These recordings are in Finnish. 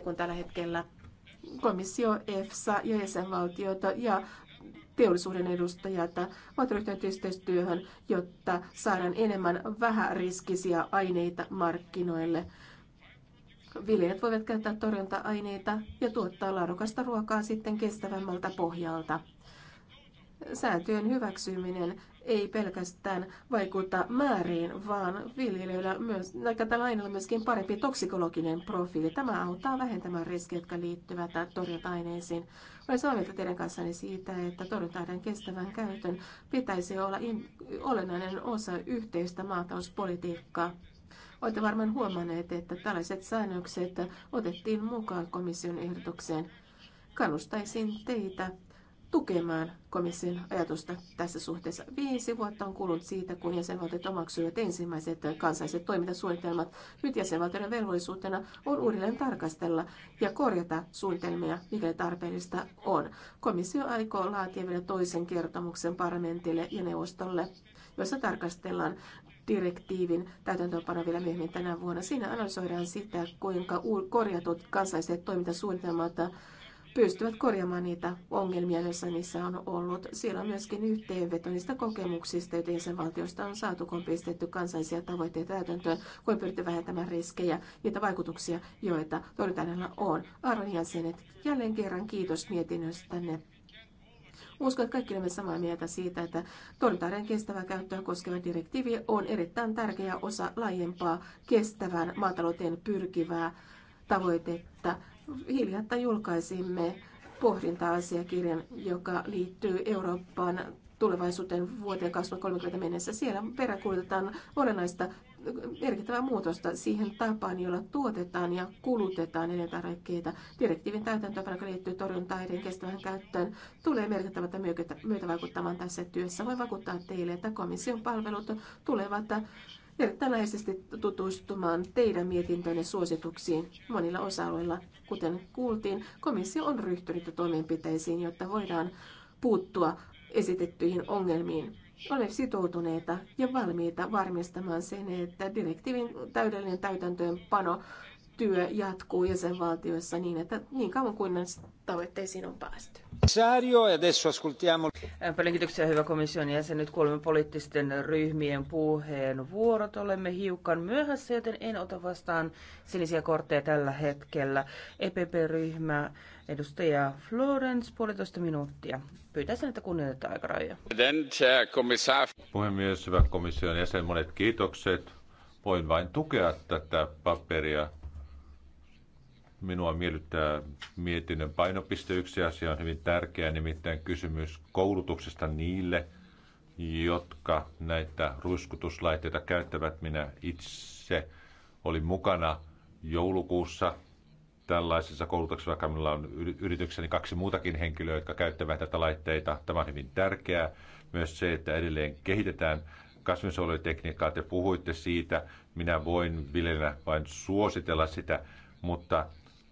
kun tällä hetkellä komissio, EFSA ja jäsenvaltioita ja teollisuuden edustajat ovat ryhtyneet yhteistyöhön, jotta saadaan enemmän vähäriskisiä aineita markkinoille. Viljelijät voivat käyttää torjunta-aineita ja tuottaa laadukasta ruokaa sitten kestävämmältä pohjalta. Sääntöjen hyväksyminen ei pelkästään vaikuta määriin, vaan viljelijöillä myös, on aineella myöskin parempi toksikologinen profiili. Tämä auttaa vähentämään riskejä, jotka liittyvät torjunta-aineisiin. Olen samaa mieltä teidän kanssanne siitä, että torjunta-aineen kestävän käytön pitäisi olla in, olennainen osa yhteistä maatalouspolitiikkaa. Olette varmaan huomanneet, että tällaiset säännökset otettiin mukaan komission ehdotukseen. Kannustaisin teitä tukemaan komission ajatusta tässä suhteessa. Viisi vuotta on kulunut siitä, kun jäsenvaltiot omaksuivat ensimmäiset kansalliset toimintasuunnitelmat. Nyt jäsenvaltioiden velvollisuutena on uudelleen tarkastella ja korjata suunnitelmia, mikäli tarpeellista on. Komissio aikoo laatia vielä toisen kertomuksen parlamentille ja neuvostolle, jossa tarkastellaan direktiivin täytäntöönpano vielä myöhemmin tänä vuonna. Siinä analysoidaan sitä, kuinka korjatut kansalliset toimintasuunnitelmat pystyvät korjaamaan niitä ongelmia, joissa niissä on ollut. Siellä on myöskin yhteenveto niistä kokemuksista, joita jäsenvaltioista on saatu, kun on pistetty kansallisia tavoitteita täytäntöön, kun on pyritty vähentämään riskejä, niitä vaikutuksia, joita todetaan on. Arvon jäsenet, jälleen kerran kiitos mietinnöstänne. Uskon, että kaikki olemme samaa mieltä siitä, että torjuntaiden kestävää käyttöä koskeva direktiivi on erittäin tärkeä osa laajempaa kestävän maatalouteen pyrkivää tavoitetta hiljattain julkaisimme pohdinta-asiakirjan, joka liittyy Eurooppaan tulevaisuuteen vuoteen 2030 mennessä. Siellä peräkuulutetaan olennaista merkittävää muutosta siihen tapaan, jolla tuotetaan ja kulutetaan elintarvikkeita. Direktiivin täytäntöönpano, joka liittyy torjuntaiden kestävän käyttöön, tulee merkittävältä myötä vaikuttamaan tässä työssä. Voin vakuuttaa teille, että komission palvelut tulevat vertailaisesti tutustumaan teidän mietintönne suosituksiin monilla osa-alueilla. Kuten kuultiin, komissio on ryhtynyt toimenpiteisiin, jotta voidaan puuttua esitettyihin ongelmiin. Olemme sitoutuneita ja valmiita varmistamaan sen, että direktiivin täydellinen täytäntöönpano työ jatkuu jäsenvaltioissa niin, että niin kauan kuin näistä tavoitteisiin on päästy. E paljon kiitoksia hyvä komission jäsen. Nyt kuulemme poliittisten ryhmien puheen vuorot Olemme hiukan myöhässä, joten en ota vastaan sinisiä kortteja tällä hetkellä. EPP-ryhmä, edustaja Florence, puolitoista minuuttia. Pyytäisin, että kunnioitetaan aikarajoja. Puhemies, hyvä komission jäsen, monet kiitokset. Voin vain tukea tätä paperia Minua miellyttää mietinnön painopiste. Yksi asia on hyvin tärkeä, nimittäin kysymys koulutuksesta niille, jotka näitä ruiskutuslaitteita käyttävät. Minä itse olin mukana joulukuussa tällaisessa koulutuksessa, vaikka minulla on yritykseni kaksi muutakin henkilöä, jotka käyttävät tätä laitteita. Tämä on hyvin tärkeää. Myös se, että edelleen kehitetään kasvinsuojelutekniikkaa. Te puhuitte siitä. Minä voin viljellä vain suositella sitä, mutta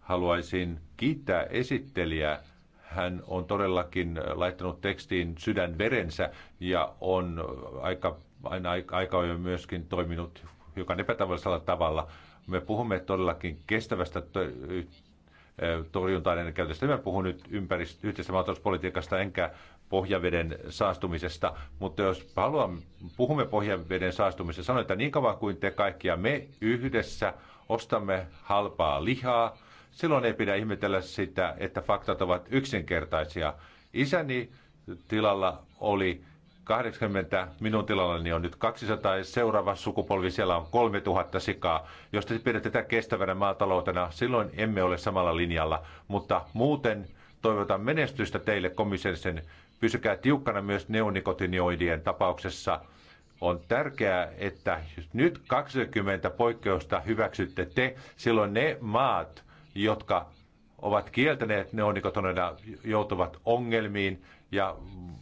haluaisin kiittää esittelijää. Hän on todellakin laittanut tekstiin sydänverensä ja on aika, aina aika on myöskin toiminut hiukan epätavallisella tavalla. Me puhumme todellakin kestävästä torjuntaan käytöstä. Mä puhun nyt ympäristö, maatalouspolitiikasta enkä pohjaveden saastumisesta, mutta jos haluan, puhumme pohjaveden saastumisesta, sanon, että niin kauan kuin te kaikkia me yhdessä ostamme halpaa lihaa, Silloin ei pidä ihmetellä sitä, että faktat ovat yksinkertaisia. Isäni tilalla oli 80, minun tilallani on nyt 200 ja seuraava sukupolvi siellä on 3000 sikaa. Jos te pidätte tätä kestävänä maataloutena, silloin emme ole samalla linjalla, mutta muuten toivotan menestystä teille komissiolisen. Pysykää tiukkana myös neonikotinioidien tapauksessa. On tärkeää, että nyt 20 poikkeusta hyväksytte te, silloin ne maat, jotka ovat kieltäneet neonikotoneina, joutuvat ongelmiin ja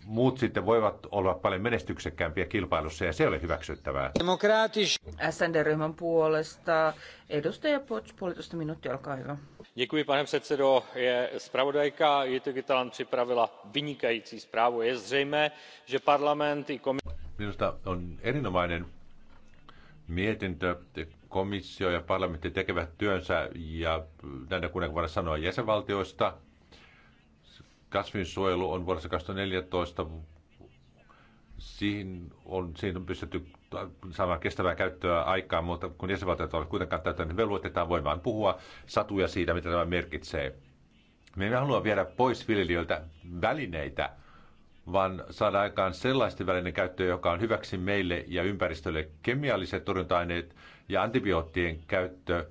muut sitten voivat olla paljon menestyksekkäämpiä kilpailussa ja se ei ole hyväksyttävää. Demokraatis. SND-ryhmän puolesta edustaja Pots, puolitoista minuuttia, olkaa hyvä. Děkuji, pane předsedo. Je spravodajka Jyty Kytalan připravila vynikající zprávu. Je zřejmé, že parlament i komis... Minusta on erinomainen mietintö komissio ja parlamentti tekevät työnsä ja näinä kuuden voidaan sanoa jäsenvaltioista. Kasvinsuojelu on vuodessa 2014 siihen on, siihen on pystytty saamaan kestävää käyttöä aikaa, mutta kun jäsenvaltiot ovat kuitenkaan täyttäneet niin velvoitetaan voimaan puhua satuja siitä, mitä tämä merkitsee. Me emme halua viedä pois viljelijöiltä välineitä, vaan saada aikaan sellaisten välineiden käyttöä, joka on hyväksi meille ja ympäristölle. Kemialliset torjunta-aineet ja antibioottien käyttö,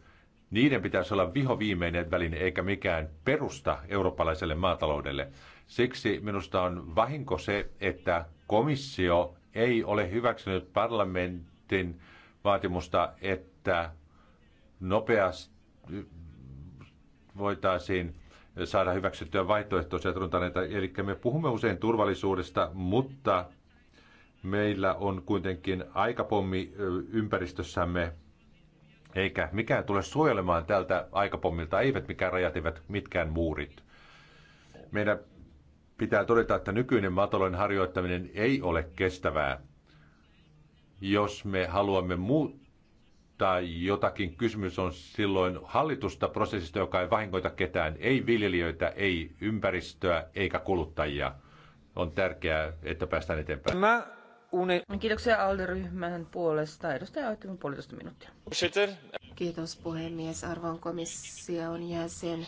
niiden pitäisi olla vihoviimeinen väline eikä mikään perusta eurooppalaiselle maataloudelle. Siksi minusta on vahinko se, että komissio ei ole hyväksynyt parlamentin vaatimusta, että nopeasti voitaisiin saada hyväksyttyä vaihtoehtoisia runtaneita. Eli me puhumme usein turvallisuudesta, mutta meillä on kuitenkin aikapommi ympäristössämme eikä mikään tule suojelemaan tältä aikapommilta, eivät mikään rajat, eivät mitkään muurit. Meidän pitää todeta, että nykyinen maatalouden harjoittaminen ei ole kestävää. Jos me haluamme muuttaa jotakin, kysymys on silloin hallitusta prosessista, joka ei vahingoita ketään, ei viljelijöitä, ei ympäristöä eikä kuluttajia. On tärkeää, että päästään eteenpäin. Mä... Kiitoksia Alderyhmän puolesta. Edustaja Aittimen puolitoista minuuttia. Kiitos puhemies. Arvon komission jäsen.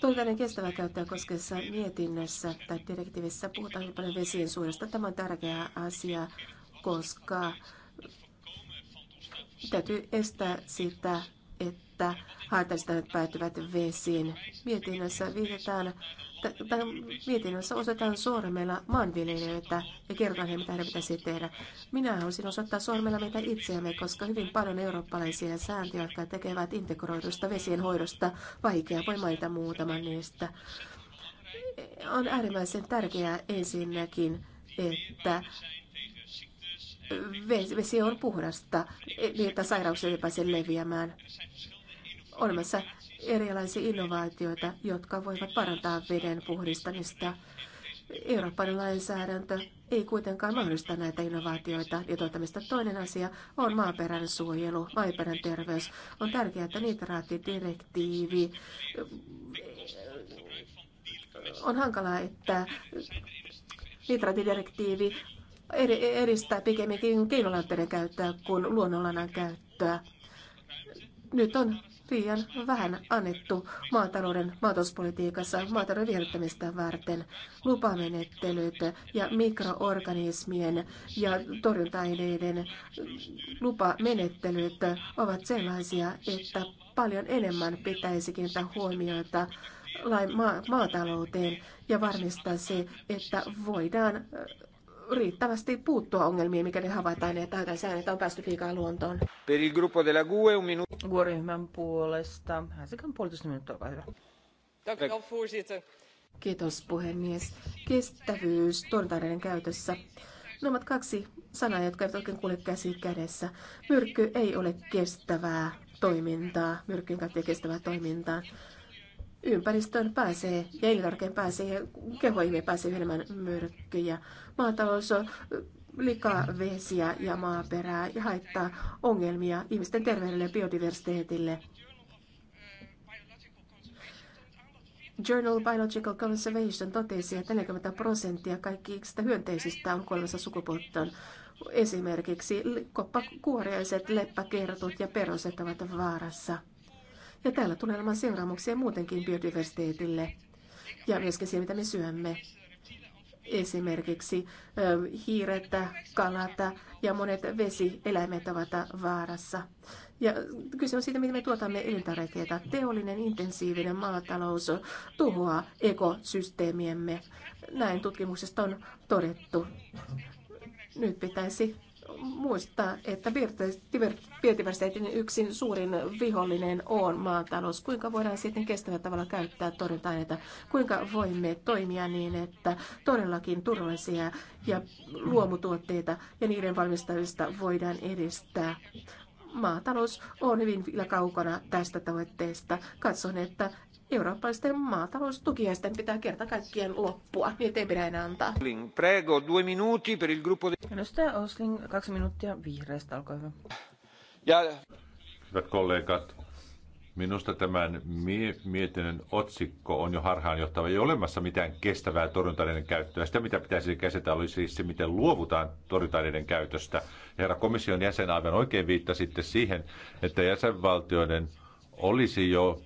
Tulkainen kestävä käyttöä koskevassa mietinnössä tai direktiivissä puhutaan hyvin paljon vesien suojasta. Tämä on tärkeä asia, koska täytyy estää sitä, että haitallista päätyvät vesiin. Mietinnössä viitataan mietinnössä osoitetaan sormella maanviljelijöitä ja kerrotaan heille, mitä heidän pitäisi tehdä. Minä haluaisin osoittaa sormella meitä itseämme, koska hyvin paljon eurooppalaisia sääntöjä, jotka tekevät integroidusta vesien hoidosta vaikeaa. Voi mainita muutaman niistä. On äärimmäisen tärkeää ensinnäkin, että vesi on puhdasta, niin että sairauksia ei pääse leviämään. Olemassa erilaisia innovaatioita, jotka voivat parantaa veden puhdistamista. Euroopan lainsäädäntö ei kuitenkaan mahdollista näitä innovaatioita ja tuottamista. Toinen asia on maaperän suojelu, maaperän terveys. On tärkeää, että nitraattidirektiivi eh, on hankalaa, että nitraattidirektiivi edistää pikemminkin keinolanteiden käyttöä kuin luonnonlanan käyttöä. Nyt on liian vähän annettu maatalouden maatalouspolitiikassa maatalouden viherryttämistä varten lupamenettelyt ja mikroorganismien ja torjunta-aineiden lupamenettelyt ovat sellaisia, että paljon enemmän pitäisi kiinnittää huomiota lain ma- maatalouteen ja varmistaa se, että voidaan riittävästi puuttua ongelmiin, mikäli havaitaan, että jotain että on päästy liikaa luontoon. Per il gruppo della GUE un minuto. GUE-ryhmän puolesta. Häsikän puolitoista minuuttia, olkaa hyvä. Kiitos puhemies. Kestävyys torjuntaiden käytössä. Ne ovat kaksi sanaa, jotka eivät oikein kulje käsi kädessä. Myrkky ei ole kestävää toimintaa, myrkkyn käyttö kestävää toimintaa ympäristöön pääsee ja elintarkeen pääsee ja kehoihimme pääsee enemmän myrkkyjä. Maatalous on likavesiä ja maaperää ja haittaa ongelmia ihmisten terveydelle ja biodiversiteetille. Journal Biological Conservation totesi, että 40 prosenttia kaikista hyönteisistä on kolmessa sukupuuttoon. Esimerkiksi koppakuoriaiset, leppäkertut ja peroset ovat vaarassa. Ja täällä tulee olemaan seuraamuksia muutenkin biodiversiteetille ja myöskin siihen, mitä me syömme. Esimerkiksi hiiret, kalat ja monet vesieläimet ovat vaarassa. Ja kyse on siitä, miten me tuotamme elintarvikkeita. Teollinen intensiivinen maatalous tuhoaa ekosysteemiemme. Näin tutkimuksesta on todettu. Nyt pitäisi muistaa, että biodiversiteetin yksin suurin vihollinen on maatalous. Kuinka voidaan sitten kestävällä tavalla käyttää torjunta-aineita? Kuinka voimme toimia niin, että todellakin turvallisia ja luomutuotteita ja niiden valmistamista voidaan edistää? Maatalous on hyvin kaukana tästä tavoitteesta. Katson, että eurooppalaisten maataloustukiaisten pitää kerta kaikkien loppua. Niitä ei pidä enää antaa. Osling, prego, due minuti per il gruppo di... Edustaja Osling, kaksi minuuttia vihreästä, olkaa hyvä. Ja... Hyvät kollegat, minusta tämän mie- mietinnön otsikko on jo harhaanjohtava. Ei ole olemassa mitään kestävää torjuntaneiden käyttöä. Sitä, mitä pitäisi käsitellä, oli siis se, miten luovutaan torjuntaneiden käytöstä. herra komission jäsen aivan oikein viittasitte siihen, että jäsenvaltioiden olisi jo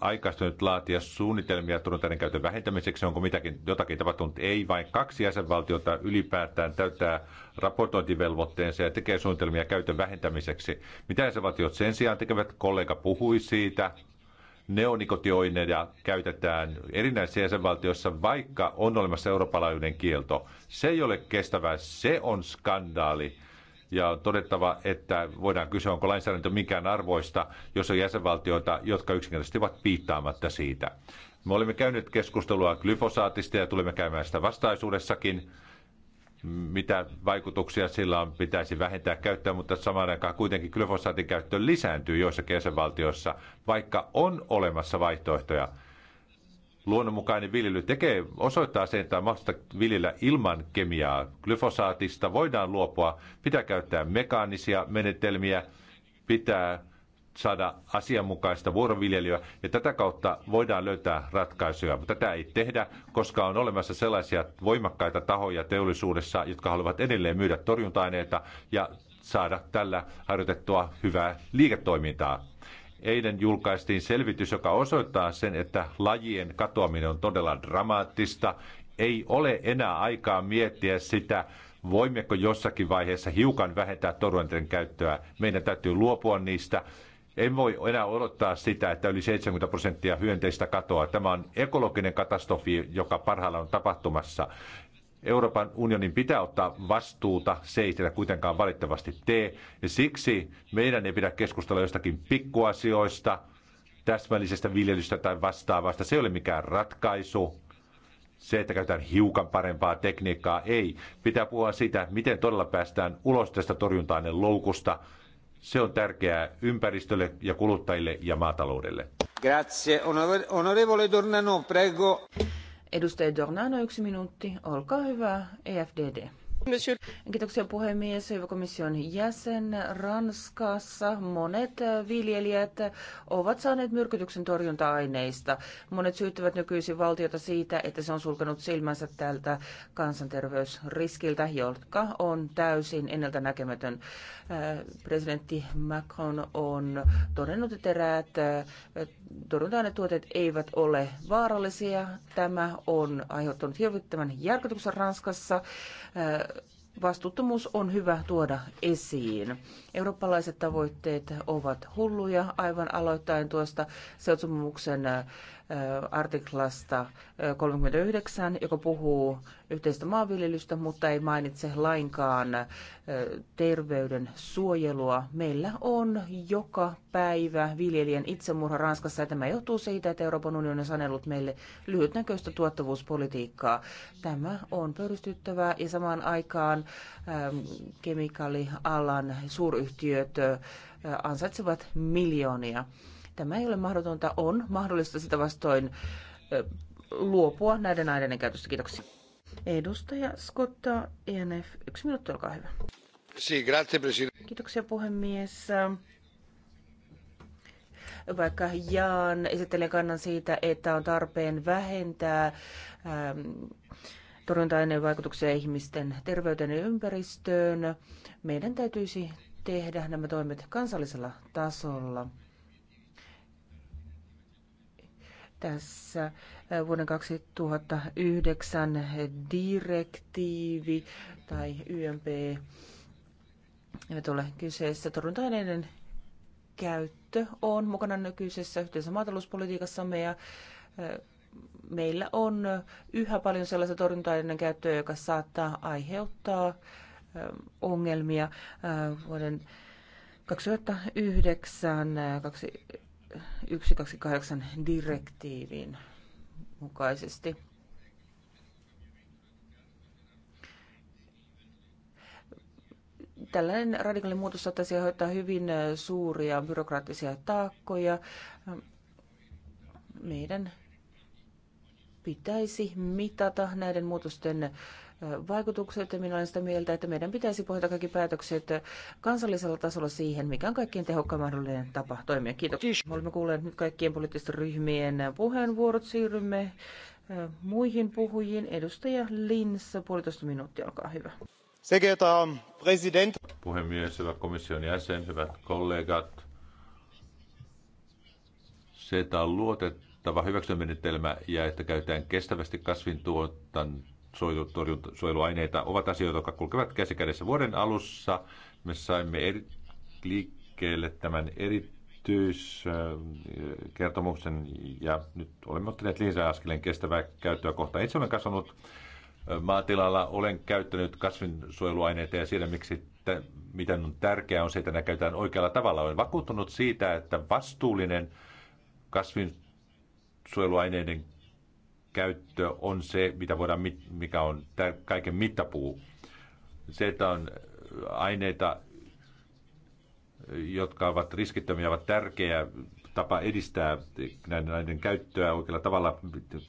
aikaistunut laatia suunnitelmia turun käytön vähentämiseksi, onko mitäkin, jotakin tapahtunut, ei, vain kaksi jäsenvaltiota ylipäätään täyttää raportointivelvoitteensa ja tekee suunnitelmia käytön vähentämiseksi. Mitä jäsenvaltiot sen sijaan tekevät, kollega puhui siitä, neonikotioineja käytetään erinäisissä jäsenvaltioissa, vaikka on olemassa eurooppalainen kielto. Se ei ole kestävää, se on skandaali ja on todettava, että voidaan kysyä, onko lainsäädäntö mikään arvoista, jos on jäsenvaltioita, jotka yksinkertaisesti ovat piittaamatta siitä. Me olemme käyneet keskustelua glyfosaatista ja tulemme käymään sitä vastaisuudessakin mitä vaikutuksia sillä on, pitäisi vähentää käyttöä, mutta samaan aikaan kuitenkin glyfosaatin käyttö lisääntyy joissakin jäsenvaltioissa, vaikka on olemassa vaihtoehtoja luonnonmukainen viljely tekee, osoittaa sen, että on mahdollista viljellä ilman kemiaa. Glyfosaatista voidaan luopua, pitää käyttää mekaanisia menetelmiä, pitää saada asianmukaista vuoroviljelyä ja tätä kautta voidaan löytää ratkaisuja. Mutta tätä ei tehdä, koska on olemassa sellaisia voimakkaita tahoja teollisuudessa, jotka haluavat edelleen myydä torjunta-aineita ja saada tällä harjoitettua hyvää liiketoimintaa. Eilen julkaistiin selvitys, joka osoittaa sen, että lajien katoaminen on todella dramaattista. Ei ole enää aikaa miettiä sitä, voimmeko jossakin vaiheessa hiukan vähentää torjuntien käyttöä. Meidän täytyy luopua niistä. En voi enää odottaa sitä, että yli 70 prosenttia hyönteistä katoaa. Tämä on ekologinen katastrofi, joka parhaillaan on tapahtumassa. Euroopan unionin pitää ottaa vastuuta, se ei sitä kuitenkaan valitettavasti tee. Ja siksi meidän ei pidä keskustella jostakin pikkuasioista, täsmällisestä viljelystä tai vastaavasta. Se ei ole mikään ratkaisu. Se, että käytetään hiukan parempaa tekniikkaa, ei. Pitää puhua siitä, miten todella päästään ulos tästä torjuntainen loukusta. Se on tärkeää ympäristölle ja kuluttajille ja maataloudelle. Grazie. Onorevole Dornano, prego. Edustaja Dornano, yksi minuutti. Olkaa hyvä, EFDD. Kiitoksia puhemies. Hyvä komission jäsen. Ranskassa monet viljelijät ovat saaneet myrkytyksen torjunta-aineista. Monet syyttävät nykyisin valtiota siitä, että se on sulkenut silmänsä tältä kansanterveysriskiltä, joka on täysin ennalta näkemätön. Äh, presidentti Macron on todennut, että eräät äh, torjunta-ainetuotteet eivät ole vaarallisia. Tämä on aiheuttanut hirvittävän järkytyksen Ranskassa äh, vastuuttomuus on hyvä tuoda esiin. Eurooppalaiset tavoitteet ovat hulluja aivan aloittain tuosta seutsumuksen äh, artiklasta 39, joka puhuu yhteistä maanviljelystä, mutta ei mainitse lainkaan terveyden suojelua. Meillä on joka päivä viljelijän itsemurha Ranskassa, ja tämä johtuu siitä, että Euroopan unioni on sanellut meille lyhytnäköistä tuottavuuspolitiikkaa. Tämä on pöyristyttävää, ja samaan aikaan kemikaalialan suuryhtiöt ansaitsevat miljoonia. Tämä ei ole mahdotonta, on mahdollista sitä vastoin luopua näiden aineiden käytöstä. Kiitoksia. Edustaja Scotta, ENF, yksi minuutti, olkaa hyvä. Kiitoksia puhemies. Vaikka Jaan esittelen kannan siitä, että on tarpeen vähentää ähm, torjunta-aineen vaikutuksia ihmisten terveyteen ja ympäristöön, meidän täytyisi tehdä nämä toimet kansallisella tasolla. tässä äh, vuoden 2009 direktiivi tai YMP eivät ole kyseessä. Torjunta-aineiden käyttö on mukana nykyisessä yhteisessä maatalouspolitiikassamme ja äh, meillä on yhä paljon sellaista torjunta-aineiden käyttöä, joka saattaa aiheuttaa äh, ongelmia vuoden 2009 128 direktiivin mukaisesti. Tällainen radikaali muutos saattaisi hoitaa hyvin suuria byrokraattisia taakkoja. Meidän pitäisi mitata näiden muutosten vaikutukset. Minä olen sitä mieltä, että meidän pitäisi pohjata kaikki päätökset kansallisella tasolla siihen, mikä on kaikkien tehokkain mahdollinen tapa toimia. Kiitos. Me olemme kuulleet nyt kaikkien poliittisten ryhmien puheenvuorot. Siirrymme äh, muihin puhujiin. Edustaja Linssa, puolitoista minuuttia, olkaa hyvä. Puhemies, hyvä komission jäsen, hyvät kollegat. Se, että on luotettava hyväksymenetelmä ja että käytetään kestävästi kasvintuotantoa suojeluaineita ovat asioita, jotka kulkevat kädessä. Vuoden alussa me saimme eri, liikkeelle tämän erityiskertomuksen ja nyt olemme ottaneet lisäaskeleen kestävää käyttöä kohtaan. Itse olen kasvanut maatilalla, olen käyttänyt kasvinsuojeluaineita ja siellä miksi että miten on tärkeää on se, että nämä käytetään oikealla tavalla. Olen vakuuttunut siitä, että vastuullinen kasvinsuojeluaineiden käyttö on se, mitä voidaan, mikä on kaiken mittapuu. Se, että on aineita, jotka ovat riskittömiä, ovat tärkeä tapa edistää näiden, näiden käyttöä oikealla tavalla.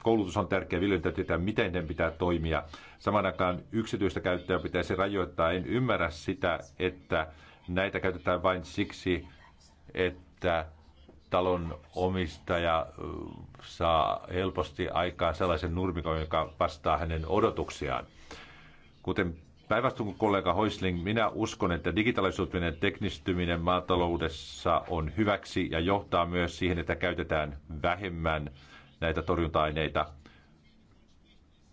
Koulutus on tärkeä, viljelijöiden täytyy tietää, miten ne pitää toimia. Saman aikaan yksityistä käyttöä pitäisi rajoittaa. En ymmärrä sitä, että näitä käytetään vain siksi, että talon omistaja saa helposti aikaan sellaisen nurmikon, joka vastaa hänen odotuksiaan. Kuten päinvastoin kollega Hoisling, minä uskon, että digitaalisuutuminen teknistyminen maataloudessa on hyväksi ja johtaa myös siihen, että käytetään vähemmän näitä torjunta-aineita.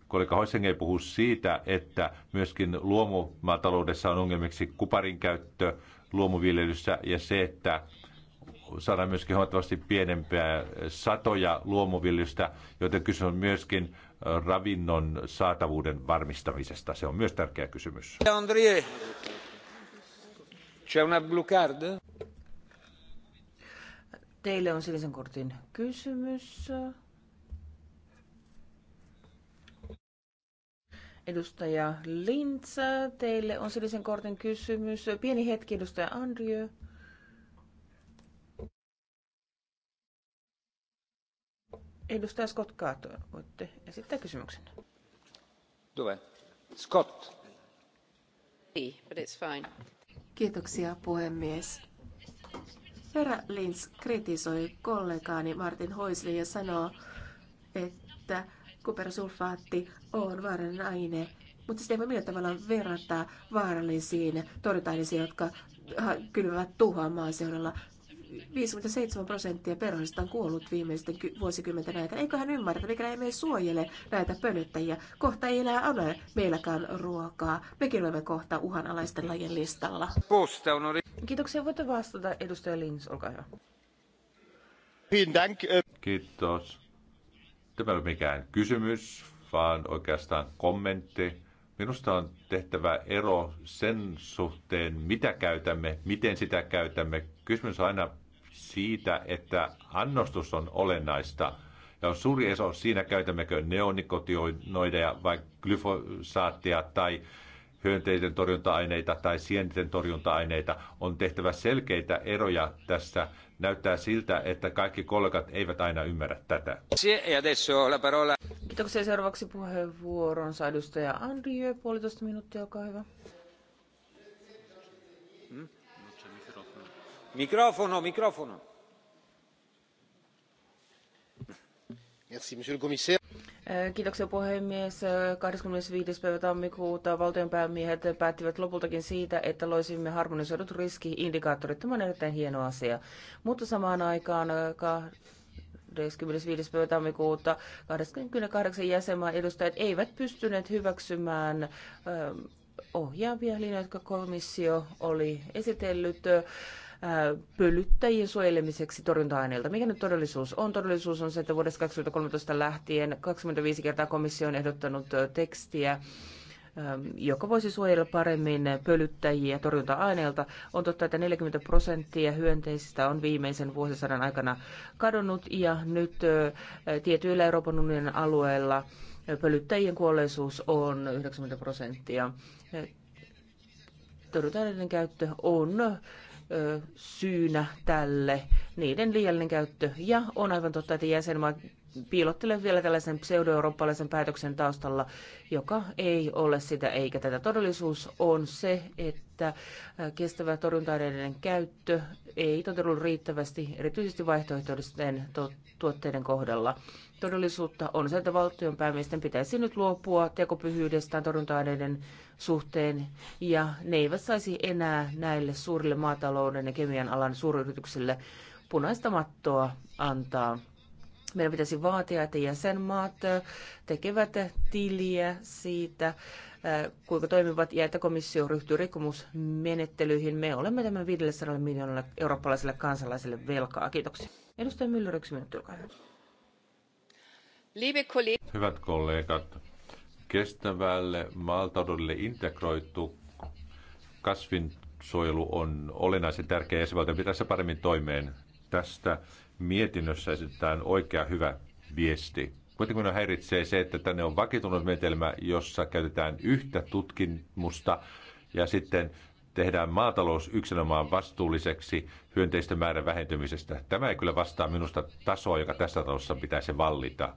Kollega Hoisling ei puhu siitä, että myöskin luomumaataloudessa on ongelmiksi kuparin käyttö luomuviljelyssä ja se, että saadaan myöskin huomattavasti pienempiä satoja luomuviljystä, joten kysymys on myöskin ravinnon saatavuuden varmistamisesta. Se on myös tärkeä kysymys. Andrie, c'è una blue card? Teille on sinisen kortin kysymys. Edustaja Lintz, teille on sinisen kortin kysymys. Pieni hetki, edustaja Andrieu. Edustaja Scott Cato, voitte esittää kysymyksen. Dove? Scott. But it's fine. Kiitoksia puhemies. Herra Lins kritisoi kollegaani Martin Hoisli ja sanoo, että kupersulfaatti on vaarallinen aine, mutta sitä ei voi millään tavalla verrata vaarallisiin torjuntaineisiin, jotka kylvävät tuhoa maaseudulla. 57 prosenttia perheistä on kuollut viimeisten vuosikymmenten aikana. Eikö hän ymmärrä, että mikä meidän suojele näitä pölyttäjiä? Kohta ei enää ole meilläkään ruokaa. Mekin olemme kohta uhanalaisten lajien listalla. Kiitoksia. Voitte vastata edustaja Lins, olkaa hyvä. Kiitos. Tämä ei ole mikään kysymys, vaan oikeastaan kommentti. Minusta on tehtävä ero sen suhteen, mitä käytämme, miten sitä käytämme, Kysymys on aina siitä, että annostus on olennaista. Ja on suuri ero siinä, käytämmekö neonikotioideja vai glyfosaattia tai hyönteiden torjunta-aineita tai sienten torjunta-aineita. On tehtävä selkeitä eroja tässä. Näyttää siltä, että kaikki kollegat eivät aina ymmärrä tätä. Kiitoksia. Seuraavaksi puheenvuoronsa edustaja Andrieu, puolitoista minuuttia, olkaa hyvä. monsieur le commissaire. Äh, kiitoksia puhemies. Äh, kahdeskymmenesviides päivä tammikuuta valtionpäämiehet päättivät lopultakin siitä, että loisimme harmonisoidut riskiindikaattorit. Tämä on erittäin hieno asia. Mutta samaan aikaan äh, kahdeskymmenesviides päivä tammikuuta 28 jäsenmaan edustajat eivät pystyneet hyväksymään ähm, ohjaavia linjoja, jotka komissio oli esitellyt pölyttäjien suojelemiseksi torjunta-aineilta. Mikä nyt todellisuus on? Todellisuus on se, että vuodesta 2013 lähtien 25 kertaa komissio on ehdottanut tekstiä, joka voisi suojella paremmin pölyttäjiä torjunta-aineilta. On totta, että 40 prosenttia hyönteisistä on viimeisen vuosisadan aikana kadonnut ja nyt tietyillä Euroopan unionin alueilla pölyttäjien kuolleisuus on 90 prosenttia. Torjunta-aineiden käyttö on syynä tälle niiden liiallinen käyttö. Ja on aivan totta, että jäsenmaat piilottelee vielä tällaisen pseudo-eurooppalaisen päätöksen taustalla, joka ei ole sitä eikä tätä. Todellisuus on se, että äh, kestävä torjunta käyttö ei toteudu riittävästi, erityisesti vaihtoehtoisten tuotteiden kohdalla. Todellisuutta on se, että valtion päämiesten pitäisi nyt luopua tekopyhyydestään torjunta-aineiden suhteen, ja ne eivät saisi enää näille suurille maatalouden ja kemian alan suuryrityksille punaista mattoa antaa. Meidän pitäisi vaatia, että jäsenmaat äh, tekevät tiliä siitä, äh, kuinka toimivat ja että komissio ryhtyy rikkomusmenettelyihin. Me olemme tämän 500 miljoonalle eurooppalaiselle kansalaiselle velkaa. Kiitoksia. Edustaja Müller, yksi minuutti, olkaa hyvä. Hyvät kollegat, kestävälle maaltaudelle integroitu kasvinsuojelu on olennaisen tärkeä ja se pitäisi paremmin toimeen tästä mietinnössä esitetään oikea hyvä viesti. Kuitenkin häiritsee se, että tänne on vakitunut menetelmä, jossa käytetään yhtä tutkimusta ja sitten tehdään maatalous yksinomaan vastuulliseksi hyönteisten määrän vähentymisestä. Tämä ei kyllä vastaa minusta tasoa, joka tässä talossa pitäisi vallita.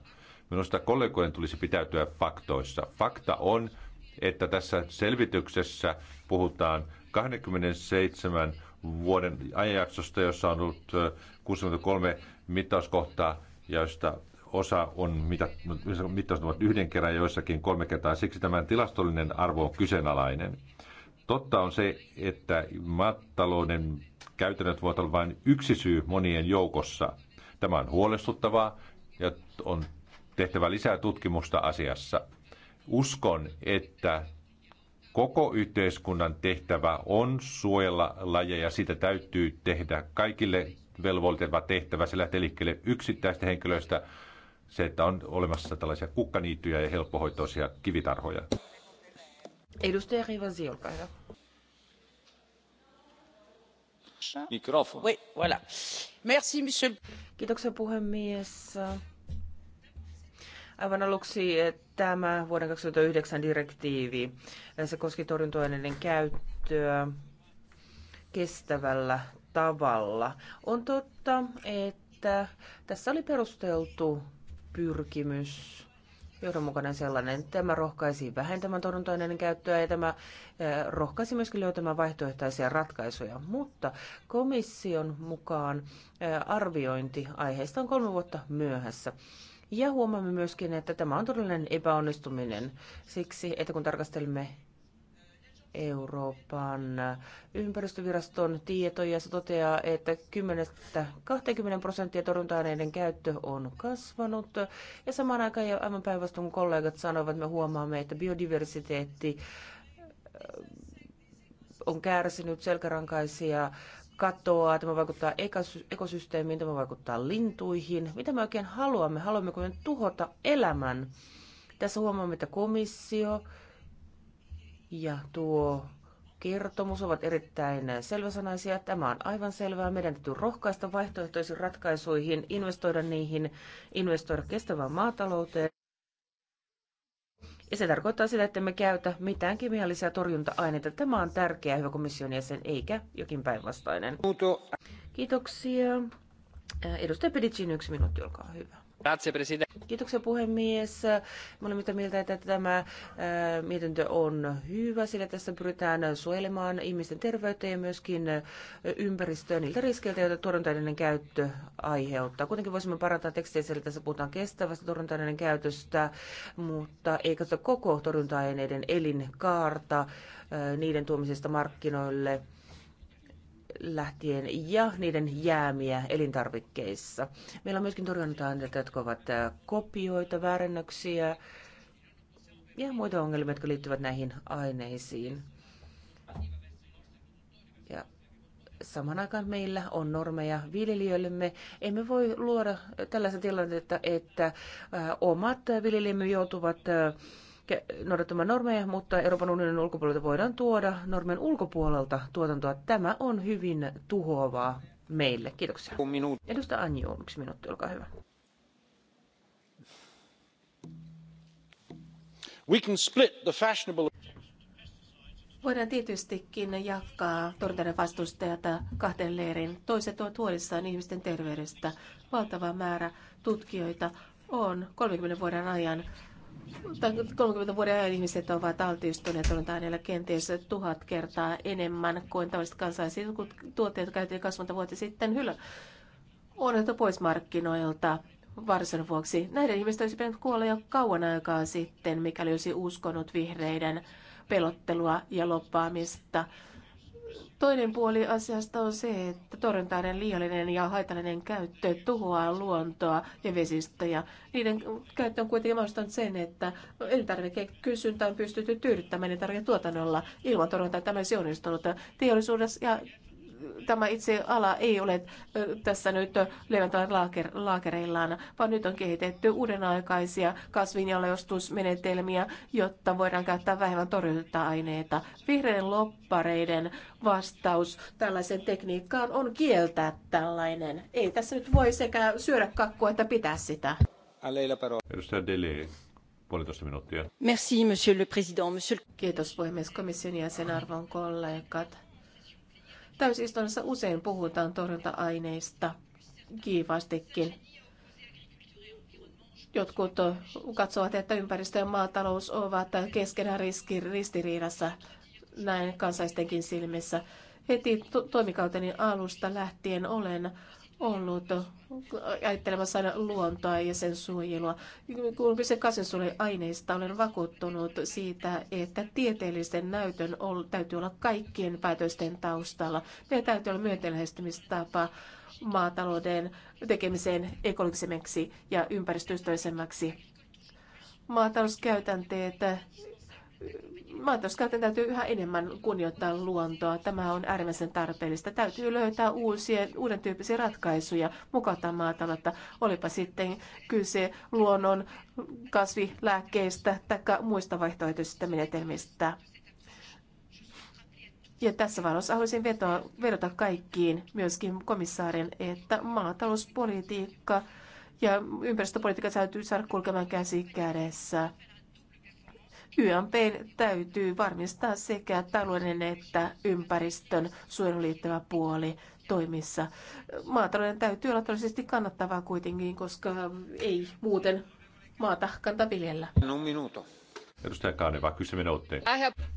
Minusta kollegojen tulisi pitäytyä faktoissa. Fakta on, että tässä selvityksessä puhutaan 27 vuoden ajanjaksosta, jossa on ollut 63 mittauskohtaa, joista osa on mitat, mittausta ovat yhden kerran joissakin kolme kertaa. Siksi tämä tilastollinen arvo on kyseenalainen. Totta on se, että maatalouden käytännöt voivat olla vain yksi syy monien joukossa. Tämä on huolestuttavaa ja on tehtävä lisää tutkimusta asiassa. Uskon, että Koko yhteiskunnan tehtävä on suojella lajeja. Sitä täytyy tehdä kaikille velvoiteva tehtävä. Se lähtee liikkeelle yksittäistä henkilöistä. Se, että on olemassa tällaisia kukkaniittyjä ja helppohoitoisia kivitarhoja. Edustaja Rivasi, olkaa hyvä. Mikrofon. Oui, voilà. Merci, monsieur. Kiitoksia puhemies. Aivan aluksi eh, tämä vuoden 2009 direktiivi. Eh, se koski torjuntoaineiden käyttöä kestävällä tavalla. On totta, että tässä oli perusteltu pyrkimys johdonmukainen sellainen. Tämä rohkaisi vähentämään torjuntoaineiden käyttöä ja tämä eh, rohkaisi myöskin löytämään vaihtoehtoisia ratkaisuja. Mutta komission mukaan arviointi aiheesta on kolme vuotta myöhässä. Ja huomaamme myöskin, että tämä on todellinen epäonnistuminen siksi, että kun tarkastelemme Euroopan ympäristöviraston tietoja. Se toteaa, että 10-20 prosenttia torjunta-aineiden käyttö on kasvanut. Ja samaan aikaan ja aivan päinvastoin kun kollegat sanoivat, me huomaamme, että biodiversiteetti äh, on kärsinyt selkärankaisia katoaa, tämä vaikuttaa ekosysteemiin, tämä vaikuttaa lintuihin. Mitä me oikein haluamme? Haluammeko me tuhota elämän? Tässä huomaamme, että komissio ja tuo kertomus ovat erittäin selväsanaisia. Tämä on aivan selvää. Meidän täytyy rohkaista vaihtoehtoisiin ratkaisuihin, investoida niihin, investoida kestävään maatalouteen. Ja se tarkoittaa sitä, että me käytä mitään kemiallisia torjunta-aineita. Tämä on tärkeä hyvä komission jäsen, eikä jokin päinvastainen. Kiitoksia. Edustaja Pedicin yksi minuutti, olkaa hyvä. Kiitoksia puhemies. Me olemme mitä mieltä, että tämä äh, mietintö on hyvä, sillä tässä pyritään suojelemaan ihmisten terveyttä ja myöskin äh, ympäristöä niiltä riskeiltä, joita torjuntainen käyttö aiheuttaa. Kuitenkin voisimme parantaa tekstiä sillä tässä puhutaan kestävästä torjuntainen käytöstä, mutta ei katsota koko torjunta-aineiden elinkaarta, äh, niiden tuomisesta markkinoille – lähtien ja niiden jäämiä elintarvikkeissa. Meillä on myöskin torjunta-aineita, jotka ovat äh, kopioita, väärennöksiä ja muita ongelmia, jotka liittyvät näihin aineisiin. Ja saman aikaan meillä on normeja viljelijöillemme. Emme voi luoda tällaista tilannetta, että äh, omat viljelijämme joutuvat äh, noudattamaan normeja, mutta Euroopan unionin ulkopuolelta voidaan tuoda normen ulkopuolelta tuotantoa. Tämä on hyvin tuhoavaa meille. Kiitoksia. Edustaja Anjo, yksi minuutti, olkaa hyvä. We can split the fashionable... Voidaan tietystikin jakaa torjuntaiden vastustajata kahden leirin. Toiset ovat huolissaan ihmisten terveydestä. Valtava määrä tutkijoita on 30 vuoden ajan 30 vuoden ajan ihmiset ovat altistuneet torjunta-aineille kenties tuhat kertaa enemmän kuin tavalliset kansalaiset. Kun jotka käytiin 20 vuotta sitten hyllä. on pois markkinoilta varsin vuoksi. Näiden ihmisten olisi pitänyt kuolla jo kauan aikaa sitten, mikäli olisi uskonut vihreiden pelottelua ja loppaamista. Toinen puoli asiasta on se, että torjuntaiden liiallinen ja haitallinen käyttö tuhoaa luontoa ja vesistöjä. Niiden käyttö on kuitenkin mahdollistanut sen, että elintarvikekysyntä on pystytty tyydyttämään elintarviketuotannolla. Ilman torjuntaa tämä olisi onnistunut. Teollisuudessa ja tämä itse ala ei ole tässä nyt leventävän laaker, laakereillaan, vaan nyt on kehitetty uudenaikaisia kasvinjalostusmenetelmiä, jotta voidaan käyttää vähemmän torjunta-aineita. Vihreiden loppareiden vastaus tällaiseen tekniikkaan on kieltää tällainen. Ei tässä nyt voi sekä syödä kakkua että pitää sitä. Edustaja Deli, puolitoista minuuttia. Merci, monsieur le président. Monsieur... Kiitos puhemies komission jäsen arvon kollegat Täysistunnossa usein puhutaan torjunta-aineista kiivastikin. Jotkut katsovat, että ympäristö ja maatalous ovat keskenään riski, ristiriidassa näin kansaistenkin silmissä. Heti to- toimikauteni alusta lähtien olen ollut ajattelemassa aina luontoa ja sen suojelua. Kun kyse kasvinsuojeluaineista, olen vakuuttunut siitä, että tieteellisen näytön täytyy olla kaikkien päätösten taustalla. Meidän täytyy olla myönteinen lähestymistapa maatalouden tekemiseen ekologisemmaksi ja ympäristöystävällisemmäksi maatalouskäytänteet että täytyy yhä enemmän kunnioittaa luontoa. Tämä on äärimmäisen tarpeellista. Täytyy löytää uusia, uuden tyyppisiä ratkaisuja, mukata maataloutta. Olipa sitten kyse luonnon kasvilääkkeistä tai muista vaihtoehtoisista menetelmistä. Ja tässä valossa haluaisin vetoa, vedota kaikkiin, myöskin komissaarin, että maatalouspolitiikka ja ympäristöpolitiikka täytyy saada kulkemaan käsi kädessä YMP täytyy varmistaa sekä talouden että ympäristön suojelun liittyvä puoli toimissa. Maatalouden täytyy olla taloudellisesti kannattavaa kuitenkin, koska ei muuten maata kannata viljellä. No minuutto. Edustaja Kaaneva, kysymme noutteen.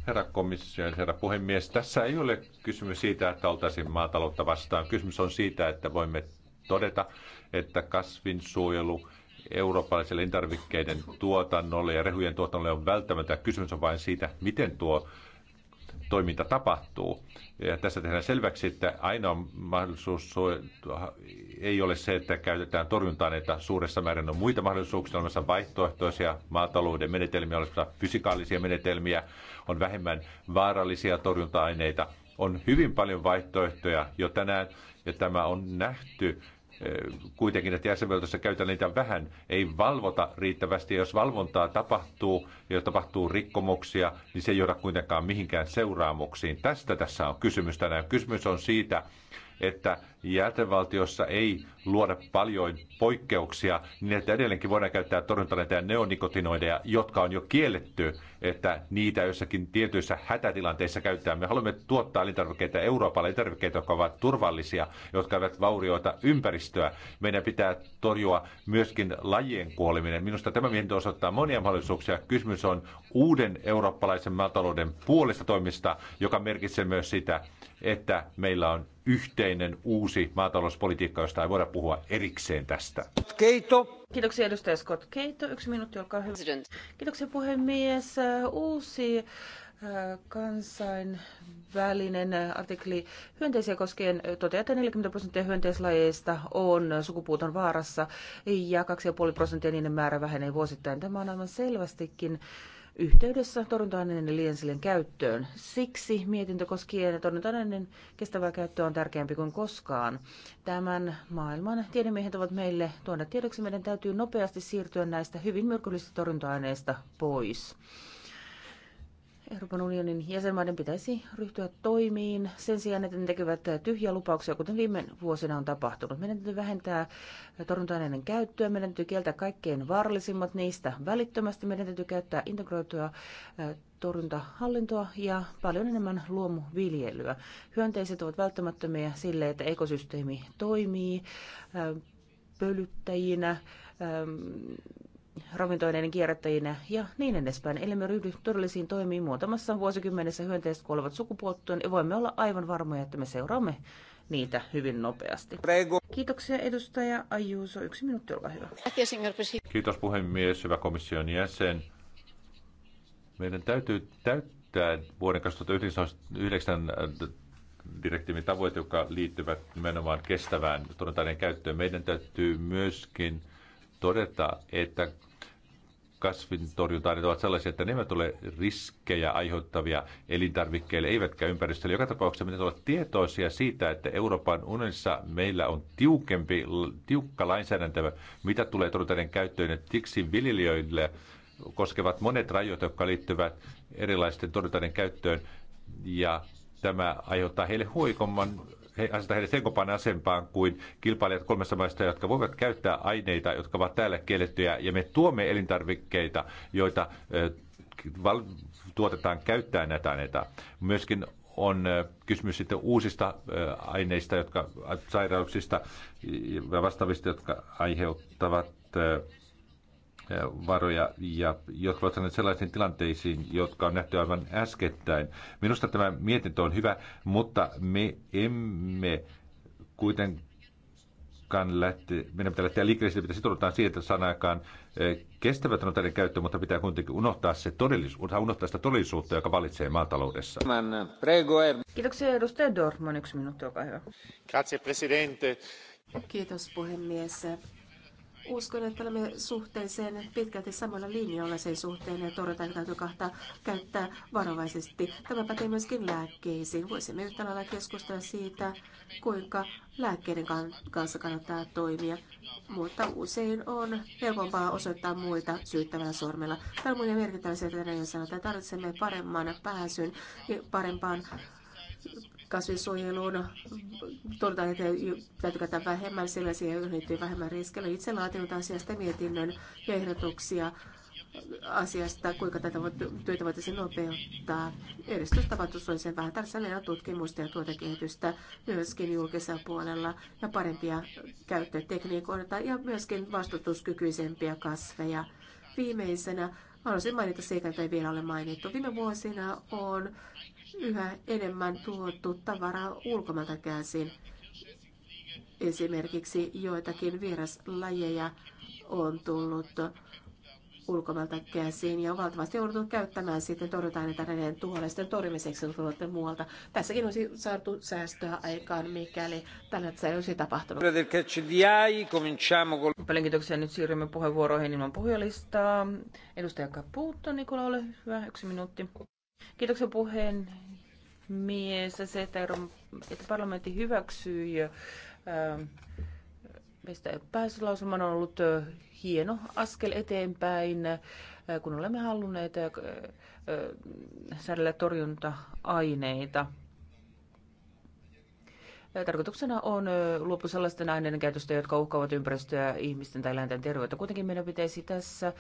Herra komissio herra puhemies, tässä ei ole kysymys siitä, että oltaisiin maataloutta vastaan. Kysymys on siitä, että voimme todeta, että kasvinsuojelu eurooppalaiselle elintarvikkeiden tuotannolle ja rehujen tuotannolle on välttämätöntä. Kysymys on vain siitä, miten tuo toiminta tapahtuu. Ja tässä tehdään selväksi, että ainoa mahdollisuus ei ole se, että käytetään torjuntaa, että suuressa määrin. On muita mahdollisuuksia, on olemassa vaihtoehtoisia maatalouden menetelmiä, on olemassa fysikaalisia menetelmiä, on vähemmän vaarallisia torjunta-aineita. On hyvin paljon vaihtoehtoja jo tänään, ja tämä on nähty kuitenkin, että jäsenvaltiossa käytetään niitä vähän, ei valvota riittävästi. jos valvontaa tapahtuu, ja jos tapahtuu rikkomuksia, niin se ei johda kuitenkaan mihinkään seuraamuksiin. Tästä tässä on kysymys tänään. Kysymys on siitä, että jäätevaltiossa ei luoda paljon poikkeuksia, niin että edelleenkin voidaan käyttää torjuntaneita ja neonikotinoideja, jotka on jo kielletty, että niitä jossakin tietyissä hätätilanteissa käytetään. Me haluamme tuottaa elintarvikkeita Euroopalle, elintarvikkeita, jotka ovat turvallisia, jotka eivät vaurioita ympäristöä. Meidän pitää torjua myöskin lajien kuoleminen. Minusta tämä mietintö osoittaa monia mahdollisuuksia. Kysymys on uuden eurooppalaisen maatalouden puolesta toimista, joka merkitsee myös sitä, että meillä on yhteinen uusi maatalouspolitiikka, josta ei voida puhua erikseen tästä. Keito. Kiitoksia edustaja Scott Keito. Yksi minuutti, olkaa hyvä. Kiitoksia puhemies. Uusi äh, kansainvälinen artikli hyönteisiä koskien toteaa, että 40 prosenttia hyönteislajeista on sukupuuton vaarassa ja 2,5 prosenttia niiden määrä vähenee vuosittain. Tämä on aivan selvästikin yhteydessä torjunta-aineiden liensilien käyttöön. Siksi mietintö koskien torjunta-aineiden kestävää käyttöä on tärkeämpi kuin koskaan. Tämän maailman tiedemiehet ovat meille tuoneet tiedoksi. Meidän täytyy nopeasti siirtyä näistä hyvin myrkyllisistä torjunta-aineista pois. Euroopan unionin jäsenmaiden pitäisi ryhtyä toimiin sen sijaan, että ne tekevät tyhjiä lupauksia, kuten viime vuosina on tapahtunut. Meidän täytyy vähentää torjunta-aineiden käyttöä, meidän täytyy kieltää kaikkein vaarallisimmat niistä välittömästi, meidän täytyy käyttää integroitua torjuntahallintoa ja paljon enemmän luomuviljelyä. Hyönteiset ovat välttämättömiä sille, että ekosysteemi toimii pölyttäjinä, ravintoaineiden kierrättäjinä ja niin edespäin. Ellemme ryhdy todellisiin toimiin muutamassa vuosikymmenessä hyönteiset kuolevat sukupuolittuun ja voimme olla aivan varmoja, että me seuraamme niitä hyvin nopeasti. Kiitoksia edustaja Ajuuso. Yksi minuutti, olkaa hyvä. Kiitos puhemies, hyvä komission jäsen. Meidän täytyy täyttää vuoden 2009 direktiivin tavoite, joka liittyvät nimenomaan kestävään torjuntaiden käyttöön. Meidän täytyy myöskin todeta, että kasvintorjunta-aineet ovat sellaisia, että ne eivät ole riskejä aiheuttavia elintarvikkeille, eivätkä ympäristölle. Joka tapauksessa meidän olla tietoisia siitä, että Euroopan unionissa meillä on tiukempi, tiukka lainsäädäntö, mitä tulee torjuntaiden käyttöön, että tiksi viljelijöille koskevat monet rajoit, jotka liittyvät erilaisten torjuntaiden käyttöön, ja tämä aiheuttaa heille huikomman he, aseta heidät heikompaan asempaan kuin kilpailijat kolmessa maista, jotka voivat käyttää aineita, jotka ovat täällä kiellettyjä, ja me tuomme elintarvikkeita, joita val- tuotetaan käyttää näitä aineita. Myöskin on kysymys sitten uusista aineista, jotka sairauksista ja vastaavista, jotka aiheuttavat varoja ja jotka ovat saaneet sellaisiin tilanteisiin, jotka on nähty aivan äskettäin. Minusta tämä mietintö on hyvä, mutta me emme kuitenkaan lähteä, meidän pitää lähteä liikkeelle siitä, että sitoudutaan siihen, että sanakaan kestävät on käyttö, mutta pitää kuitenkin unohtaa, se todellisuus, unohtaa sitä todellisuutta, joka valitsee maataloudessa. Er- Kiitoksia edustaja Dortman, yksi minuutti, olkaa hyvä. Grazie, presidente. Kiitos puhemies. Uskon, että olemme suhteeseen pitkälti samalla linjalla sen suhteen ja torjutaan täytyy kahta käyttää varovaisesti. Tämä pätee myöskin lääkkeisiin. Voisimme yhtä lailla keskustella siitä, kuinka lääkkeiden kanssa kannattaa toimia. Mutta usein on helpompaa osoittaa muita syyttävällä sormella. Tämä on merkittävä se, että että tarvitsemme paremman pääsyn, parempaan kasvinsuojeluun todetaan, että täytyy käyttää vähemmän, sellaisia, siihen liittyy vähemmän riskejä. Itse laatinut asiasta mietinnön ja ehdotuksia asiasta, kuinka tätä työtä voitaisiin nopeuttaa. Edistystapahtus on sen vähän tarsalleen tutkimusta ja tuotekehitystä myöskin julkisella puolella ja parempia käyttötekniikoita ja myöskin vastustuskykyisempiä kasveja. Viimeisenä haluaisin mainita seikan, että ei vielä ole mainittu. Viime vuosina on yhä enemmän tuotu tavaraa ulkomailta käsin. Esimerkiksi joitakin vieraslajeja on tullut ulkomailta käsin ja on valtavasti jouduttu käyttämään sitten torjutaan aineita näiden tuholaisten torjumiseksi tuolta muualta. Tässäkin olisi saatu säästöä aikaan, mikäli tällä ei olisi tapahtunut. Paljon kiitoksia. Nyt siirrymme puheenvuoroihin ilman puhujalistaa. Edustaja Caputo, Nikola, ole hyvä. Yksi minuutti. Kiitoksia mies. Se, että, Euroopan, että parlamentti hyväksyi meistä pääsylausuman on ollut hieno askel eteenpäin, kun olemme halunneet säädellä torjunta-aineita. Tarkoituksena on luopua sellaisten aineiden käytöstä, jotka uhkaavat ympäristöä, ihmisten tai eläinten terveyttä. Kuitenkin meidän pitäisi tässä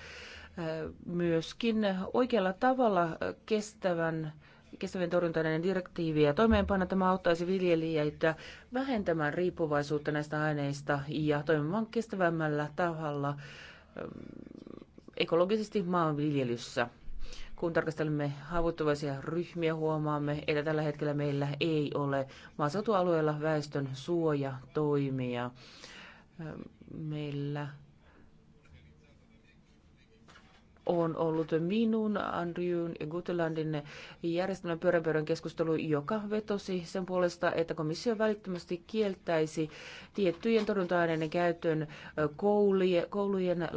myöskin oikealla tavalla kestävän kestävien torjuntainen direktiiviä toimeenpanna. Tämä auttaisi viljelijöitä vähentämään riippuvaisuutta näistä aineista ja toimimaan kestävämmällä tavalla ekologisesti maanviljelyssä. Kun tarkastelemme haavoittuvaisia ryhmiä, huomaamme, että tällä hetkellä meillä ei ole maaseutualueella väestön suojatoimia. Meillä on ollut minun, Andrewn ja Gutelandin järjestämän pyöräpöydän keskustelu, joka vetosi sen puolesta, että komissio välittömästi kieltäisi tiettyjen torjunta-aineiden käytön koulujen, koulujen,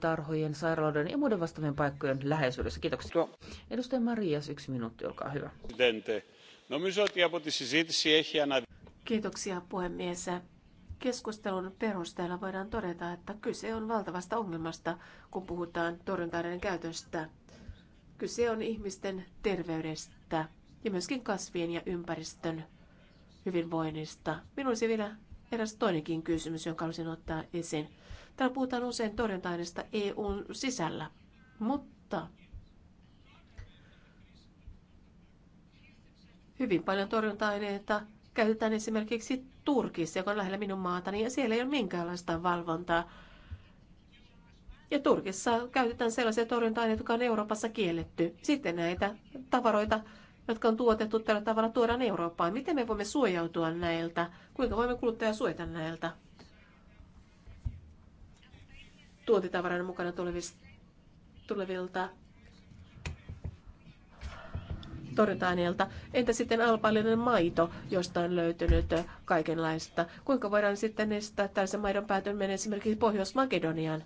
tarhojen, sairaaloiden ja muiden vastaavien paikkojen läheisyydessä. Kiitoksia. Tuo. Edustaja Marias, yksi minuutti, olkaa hyvä. No Kiitoksia puhemies. Keskustelun perusteella voidaan todeta, että kyse on valtavasta ongelmasta, kun puhutaan torjuntaiden käytöstä. Kyse on ihmisten terveydestä ja myöskin kasvien ja ympäristön hyvinvoinnista. Minulla olisi vielä eräs toinenkin kysymys, jonka haluaisin ottaa esiin. Täällä puhutaan usein torjunta-aineista EUn sisällä, mutta hyvin paljon torjunta-aineita käytetään esimerkiksi Turkissa, joka on lähellä minun maatani, ja siellä ei ole minkäänlaista valvontaa. Ja Turkissa käytetään sellaisia torjunta-aineita, jotka on Euroopassa kielletty. Sitten näitä tavaroita, jotka on tuotettu tällä tavalla, tuodaan Eurooppaan. Miten me voimme suojautua näiltä? Kuinka voimme kuluttaja suojata näiltä? tuotitavaran mukana tulevista, tulevilta torjunta Entä sitten alpallinen maito, josta on löytynyt kaikenlaista? Kuinka voidaan sitten estää tällaisen maidon päätyminen esimerkiksi Pohjois-Makedoniaan?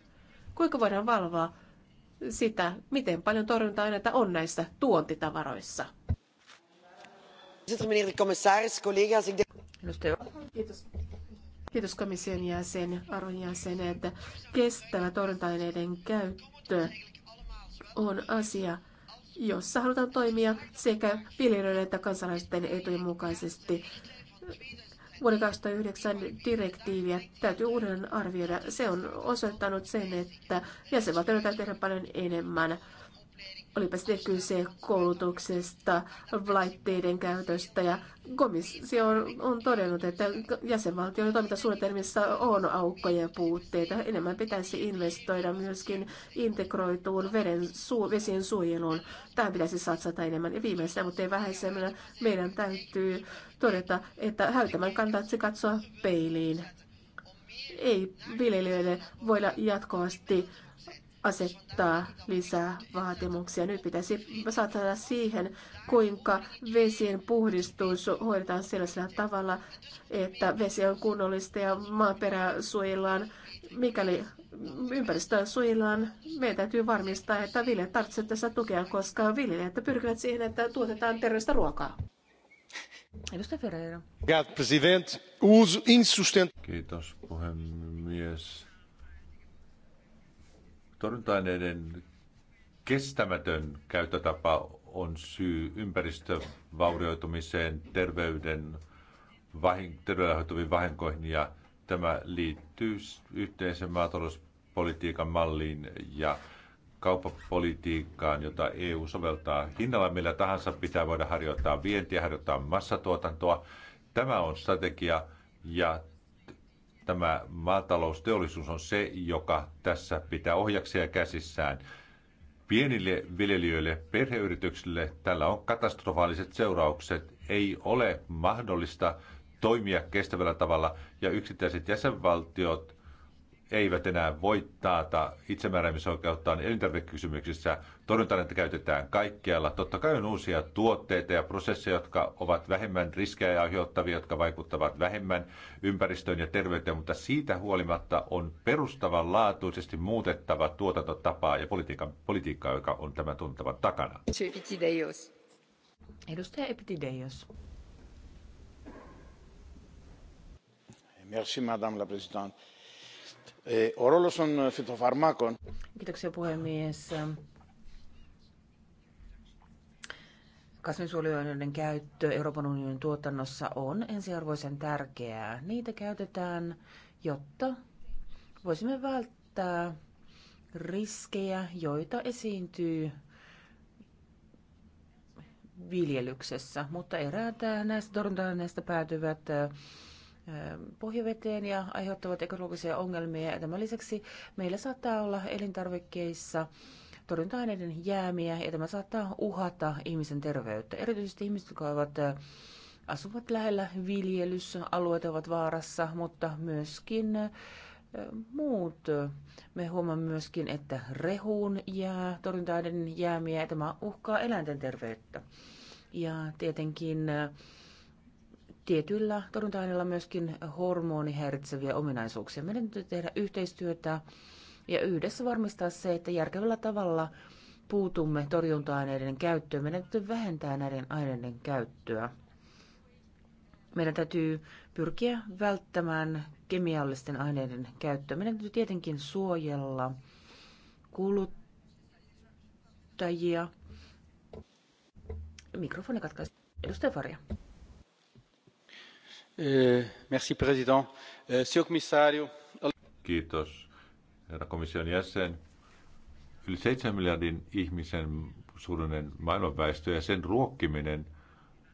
Kuinka voidaan valvoa sitä, miten paljon torjunta-aineita on näissä tuontitavaroissa? Kiitos. Kiitos komission jäsen, arvon jäsen, että kestävä torjunta-aineiden käyttö on asia, jossa halutaan toimia sekä viljelijöiden että kansalaisten etujen mukaisesti. Vuoden 2009 direktiiviä täytyy uudelleen arvioida. Se on osoittanut sen, että jäsenvaltioita täytyy tehdä paljon enemmän olipa sitten kyse koulutuksesta, laitteiden käytöstä ja komissio on, on todennut, että jäsenvaltioiden toimintasuunnitelmissa on aukkoja ja puutteita. Enemmän pitäisi investoida myöskin integroituun veden, su, vesien suojeluun. Tähän pitäisi satsata enemmän. Ja viimeisenä, mutta ei vähäisemmänä, meidän täytyy todeta, että häytämän kannattaisi katsoa peiliin. Ei viljelijöille voida jatkuvasti asettaa lisää vaatimuksia. Nyt pitäisi saattaa siihen, kuinka vesien puhdistus hoidetaan sellaisella tavalla, että vesi on kunnollista ja maaperä suojellaan. Mikäli ympäristöä suojellaan, meidän täytyy varmistaa, että viljelijät tarvitsevat tässä tukea, koska viljelijät pyrkivät siihen, että tuotetaan terveistä ruokaa. Edustaja Ferreira. Kiitos puhemies Torjunta-aineiden kestämätön käyttötapa on syy ympäristövaurioitumiseen, terveyden, vahink- terveydenhoitoviin vahinkoihin ja tämä liittyy yhteisen maatalouspolitiikan malliin ja kauppapolitiikkaan, jota EU soveltaa hinnalla millä tahansa, pitää voida harjoittaa vientiä, harjoittaa massatuotantoa. Tämä on strategia ja tämä maatalousteollisuus on se, joka tässä pitää ohjaksia käsissään. Pienille viljelijöille, perheyrityksille tällä on katastrofaaliset seuraukset. Ei ole mahdollista toimia kestävällä tavalla ja yksittäiset jäsenvaltiot – eivät enää voi taata itsemääräämisoikeuttaan elintarvikekysymyksissä. torjunta käytetään kaikkialla. Totta kai on uusia tuotteita ja prosesseja, jotka ovat vähemmän riskejä aiheuttavia, jotka vaikuttavat vähemmän ympäristöön ja terveyteen, mutta siitä huolimatta on perustavanlaatuisesti muutettava tuotantotapaa ja politiikka, politiikkaa, joka on tämän tuntavan takana. Edustaja Epitideios. Merci, Madame la Présidente Ο ρόλος των φυτοφαρμάκων. puhemies. Kasvinsuojeluaineiden käyttö Euroopan unionin tuotannossa on ensiarvoisen tärkeää. Niitä käytetään, jotta voisimme välttää riskejä, joita esiintyy viljelyksessä, mutta eräät näistä torjunta-aineista päätyvät Ähm, pohjaveteen ja aiheuttavat ekologisia ongelmia. Ja tämän lisäksi meillä saattaa olla elintarvikkeissa torjunta-aineiden jäämiä ja tämä saattaa uhata ihmisen terveyttä. Erityisesti ihmiset, jotka ovat äh, asuvat lähellä viljelysalueita ovat vaarassa, mutta myöskin äh, muut. Me huomaamme myöskin, että rehuun jää torjunta-aineiden jäämiä ja tämä uhkaa eläinten terveyttä. Ja tietenkin äh, tietyillä torjunta-aineilla myöskin hormonihäiritseviä ominaisuuksia. Meidän täytyy tehdä yhteistyötä ja yhdessä varmistaa se, että järkevällä tavalla puutumme torjunta-aineiden käyttöön. Meidän täytyy vähentää näiden aineiden käyttöä. Meidän täytyy pyrkiä välttämään kemiallisten aineiden käyttöä. Meidän täytyy tietenkin suojella kuluttajia. Mikrofoni katkaisi. Edustaja Faria. Eh, eh, Kiitos, herra komission jäsen. Yli 7 miljardin ihmisen suurinen maailmanväestö ja sen ruokkiminen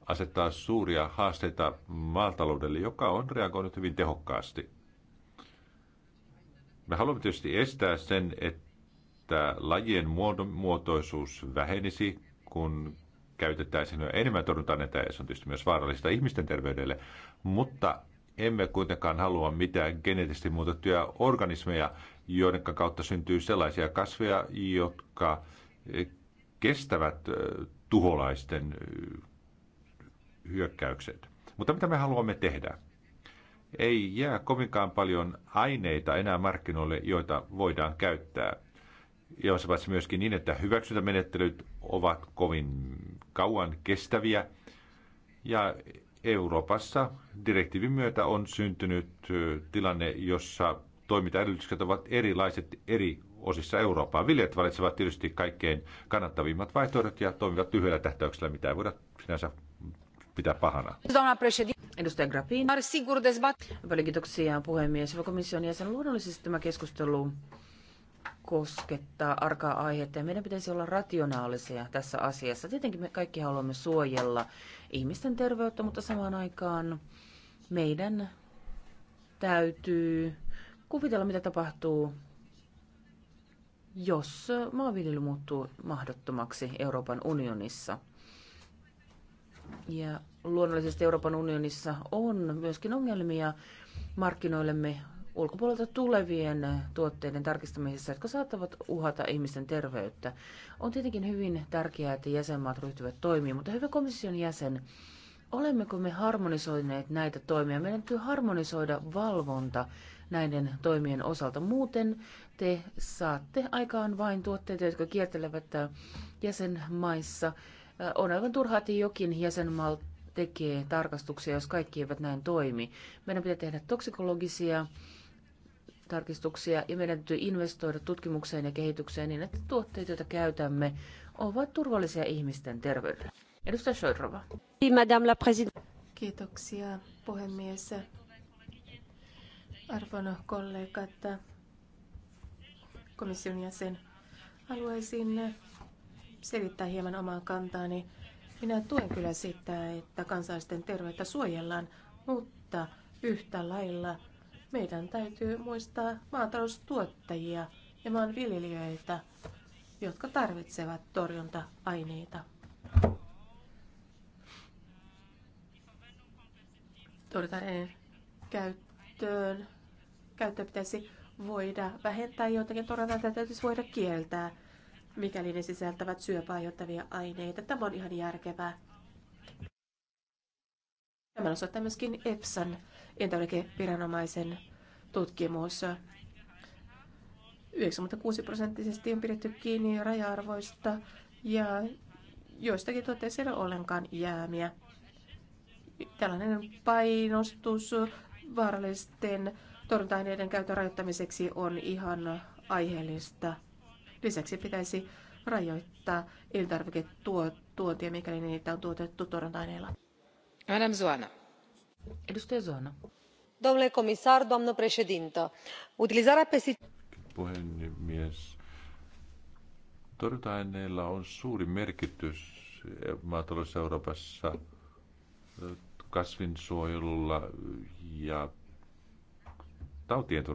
asettaa suuria haasteita maataloudelle, joka on reagoinut hyvin tehokkaasti. Me haluamme tietysti estää sen, että lajien muotoisuus vähenisi, kun käytettäisiin enemmän torjuntaan näitä, ja se on tietysti myös vaarallista ihmisten terveydelle, mutta emme kuitenkaan halua mitään geneettisesti muutettuja organismeja, joiden kautta syntyy sellaisia kasveja, jotka eh, kestävät eh, tuholaisten eh, hyökkäykset. Mutta mitä me haluamme tehdä? Ei jää kovinkaan paljon aineita enää markkinoille, joita voidaan käyttää. Ja se myöskin niin, että hyväksyntämenettelyt ovat kovin kauan kestäviä. Ja Euroopassa direktiivin myötä on syntynyt tilanne, jossa toimintaedellytykset ovat erilaiset eri osissa Eurooppaa. Viljelijät valitsevat tietysti kaikkein kannattavimmat vaihtoehdot ja toimivat lyhyellä tähtäyksellä, mitä ei voida sinänsä pitää pahana. Edustaja Grappin. Paljon kiitoksia puhemies. Komission jäsen, luonnollisesti tämä keskustelu koskettaa arkaa aihetta ja meidän pitäisi olla rationaalisia tässä asiassa. Tietenkin me kaikki haluamme suojella ihmisten terveyttä, mutta samaan aikaan meidän täytyy kuvitella, mitä tapahtuu, jos maanviljely muuttuu mahdottomaksi Euroopan unionissa. Ja luonnollisesti Euroopan unionissa on myöskin ongelmia markkinoillemme ulkopuolelta tulevien tuotteiden tarkistamisessa, jotka saattavat uhata ihmisten terveyttä. On tietenkin hyvin tärkeää, että jäsenmaat ryhtyvät toimimaan, mutta hyvä komission jäsen, olemmeko me harmonisoineet näitä toimia? Meidän täytyy harmonisoida valvonta näiden toimien osalta. Muuten te saatte aikaan vain tuotteita, jotka kiertelevät jäsenmaissa. On aivan turhaa, että jokin jäsenmaa tekee tarkastuksia, jos kaikki eivät näin toimi. Meidän pitää tehdä toksikologisia tarkistuksia ja meidän täytyy investoida tutkimukseen ja kehitykseen niin, että tuotteet, joita käytämme, ovat turvallisia ihmisten terveydelle. Edustaja Shoirova. Kiitoksia puhemies. Arvon kollegat, komission jäsen, haluaisin selittää hieman omaa kantaani. Minä tuen kyllä sitä, että kansalaisten terveyttä suojellaan, mutta yhtä lailla – meidän täytyy muistaa maataloustuottajia ja maanviljelijöitä, jotka tarvitsevat torjunta-aineita. Torjunta-aineen käyttöön. käyttö pitäisi voida vähentää joitakin torjunta täytyisi voida kieltää, mikäli ne sisältävät syöpää aineita. Tämä on ihan järkevää. Tämä osoittaa myöskin EPSAn elintarvikeviranomaisen tutkimus. 96 prosenttisesti on pidetty kiinni raja-arvoista ja joistakin tuotteista ei ole ollenkaan jäämiä. Tällainen painostus vaarallisten torjunta-aineiden käytön rajoittamiseksi on ihan aiheellista. Lisäksi pitäisi rajoittaa elintarviketuontia, mikäli niitä on tuotettu torjunta-aineilla. Madame Zoana. Edustaja Zona domnule comisar doamnă președintă utilizarea Puhemies. on suuri merkitys maataloudessa Euroopassa kasvinsuojelulla ja tautien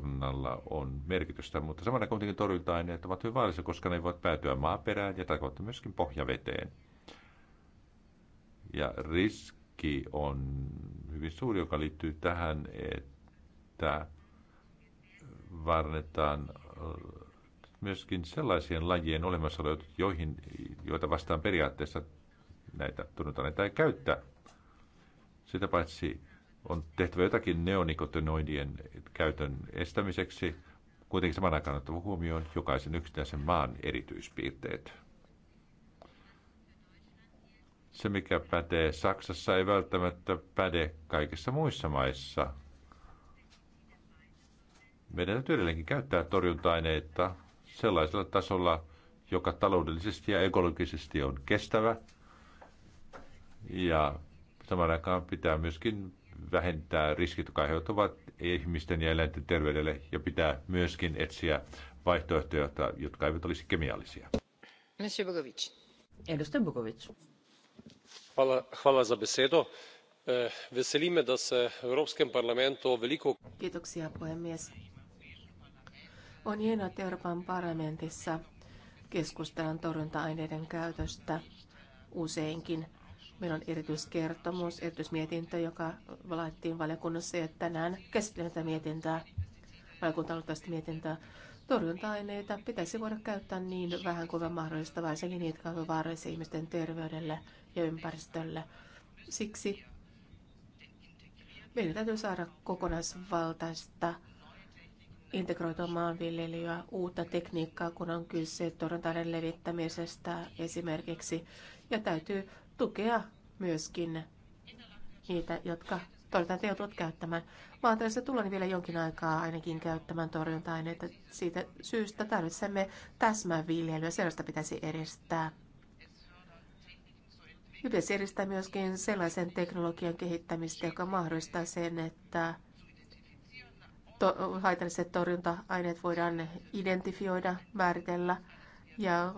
on merkitystä, mutta samana kuitenkin torjunta-aineet ovat hyvin koska ne voivat päätyä maaperään ja tarkoittaa myöskin pohjaveteen. Ja riski riski on hyvin suuri, joka liittyy tähän, että varnetaan myöskin sellaisien lajien olemassaolo, joihin, joita vastaan periaatteessa näitä tunnutaan ei käyttää. Sitä paitsi on tehtävä jotakin neonikotinoidien käytön estämiseksi, kuitenkin saman aikaan ottava huomioon jokaisen yksittäisen maan erityispiirteet. Se, mikä pätee Saksassa, ei välttämättä päde kaikissa muissa maissa. Meidän täytyy edelleenkin käyttää torjunta-aineita sellaisella tasolla, joka taloudellisesti ja ekologisesti on kestävä. Ja samaan aikaan pitää myöskin vähentää riskit, jotka aiheutuvat ihmisten ja eläinten terveydelle, ja pitää myöskin etsiä vaihtoehtoja, jotka eivät olisi kemiallisia. Monsieur Bogovic. Edustaja Bukovic. E, veseli me da se v Evropskem parlamentu veliko... Kiitoksia puhemies. On hienoa, että Euroopan parlamentissa keskustellaan torjunta-aineiden käytöstä useinkin. Meillä on erityiskertomus, erityismietintö, joka laittiin valiokunnassa ja tänään käsittelemme tätä mietintää, valiokunta mietintää. Torjunta-aineita pitäisi voida käyttää niin vähän kuin mahdollista, varsinkin niitä, jotka ovat vaarallisia ihmisten terveydelle ja ympäristölle. Siksi meidän täytyy saada kokonaisvaltaista integroitua maanviljelyä, uutta tekniikkaa, kun on kyse torjuntaiden levittämisestä esimerkiksi. Ja täytyy tukea myöskin niitä, jotka todetaan, että joutuvat käyttämään. Maanteellista tullaan vielä jonkin aikaa ainakin käyttämään torjunta-aineita. Siitä syystä tarvitsemme täsmäviljelyä. Sellaista pitäisi edistää. Pitäisi edistää myöskin sellaisen teknologian kehittämistä, joka mahdollistaa sen, että to- haitalliset torjunta-aineet voidaan identifioida, määritellä ja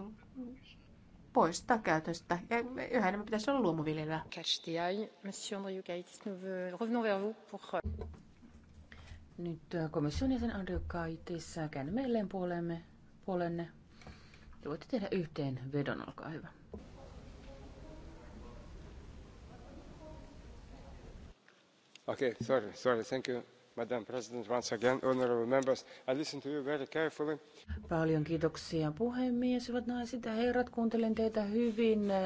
poistaa käytöstä. Ja yhä enemmän pitäisi olla luomuviljelyä. Monsieur revenons vers vous pour... Euh, Nyt äh, komission jäsen Andriukaitis, äh, käännymme meilleen puolemme, puolenne. Te voitte tehdä yhteen vedon, olkaa hyvä. Okay, sorry, sorry, thank you. Madam President, once again, honorable members, I listen to you very carefully. Paljon kiitoksia puhemies, hyvät naiset ja herrat. Kuuntelen teitä hyvin äh,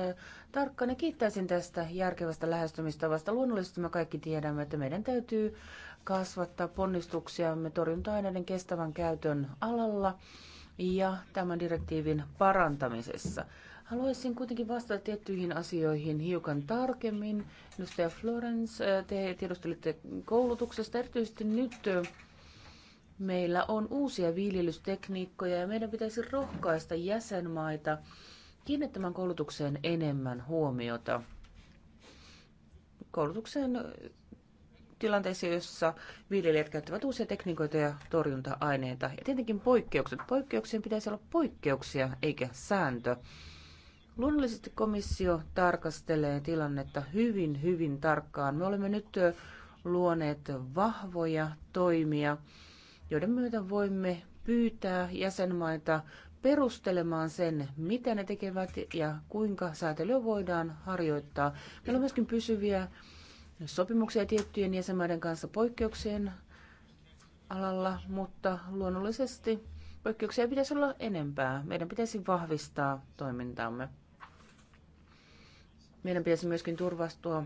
tarkkaan ja kiittäisin tästä järkevästä lähestymistavasta. Luonnollisesti me kaikki tiedämme, että meidän täytyy kasvattaa ponnistuksiamme torjunta-aineiden kestävän käytön alalla ja tämän direktiivin parantamisessa. Haluaisin kuitenkin vastata tiettyihin asioihin hiukan tarkemmin. Edustaja Florence, äh, te tiedustelitte koulutuksesta. Erityisesti nyt äh, meillä on uusia viljelystekniikkoja ja meidän pitäisi rohkaista jäsenmaita kiinnittämään koulutukseen enemmän huomiota. Koulutukseen tilanteissa, jossa viljelijät käyttävät uusia tekniikoita ja torjunta-aineita. Ja tietenkin poikkeukset. Poikkeuksien pitäisi olla poikkeuksia eikä sääntö. Luonnollisesti komissio tarkastelee tilannetta hyvin, hyvin tarkkaan. Me olemme nyt luoneet vahvoja toimia, joiden myötä voimme pyytää jäsenmaita perustelemaan sen, mitä ne tekevät ja kuinka säätelyä voidaan harjoittaa. Meillä on myöskin pysyviä sopimuksia tiettyjen jäsenmaiden kanssa poikkeuksien alalla, mutta luonnollisesti poikkeuksia pitäisi olla enempää. Meidän pitäisi vahvistaa toimintaamme. Meidän pitäisi myöskin turvastua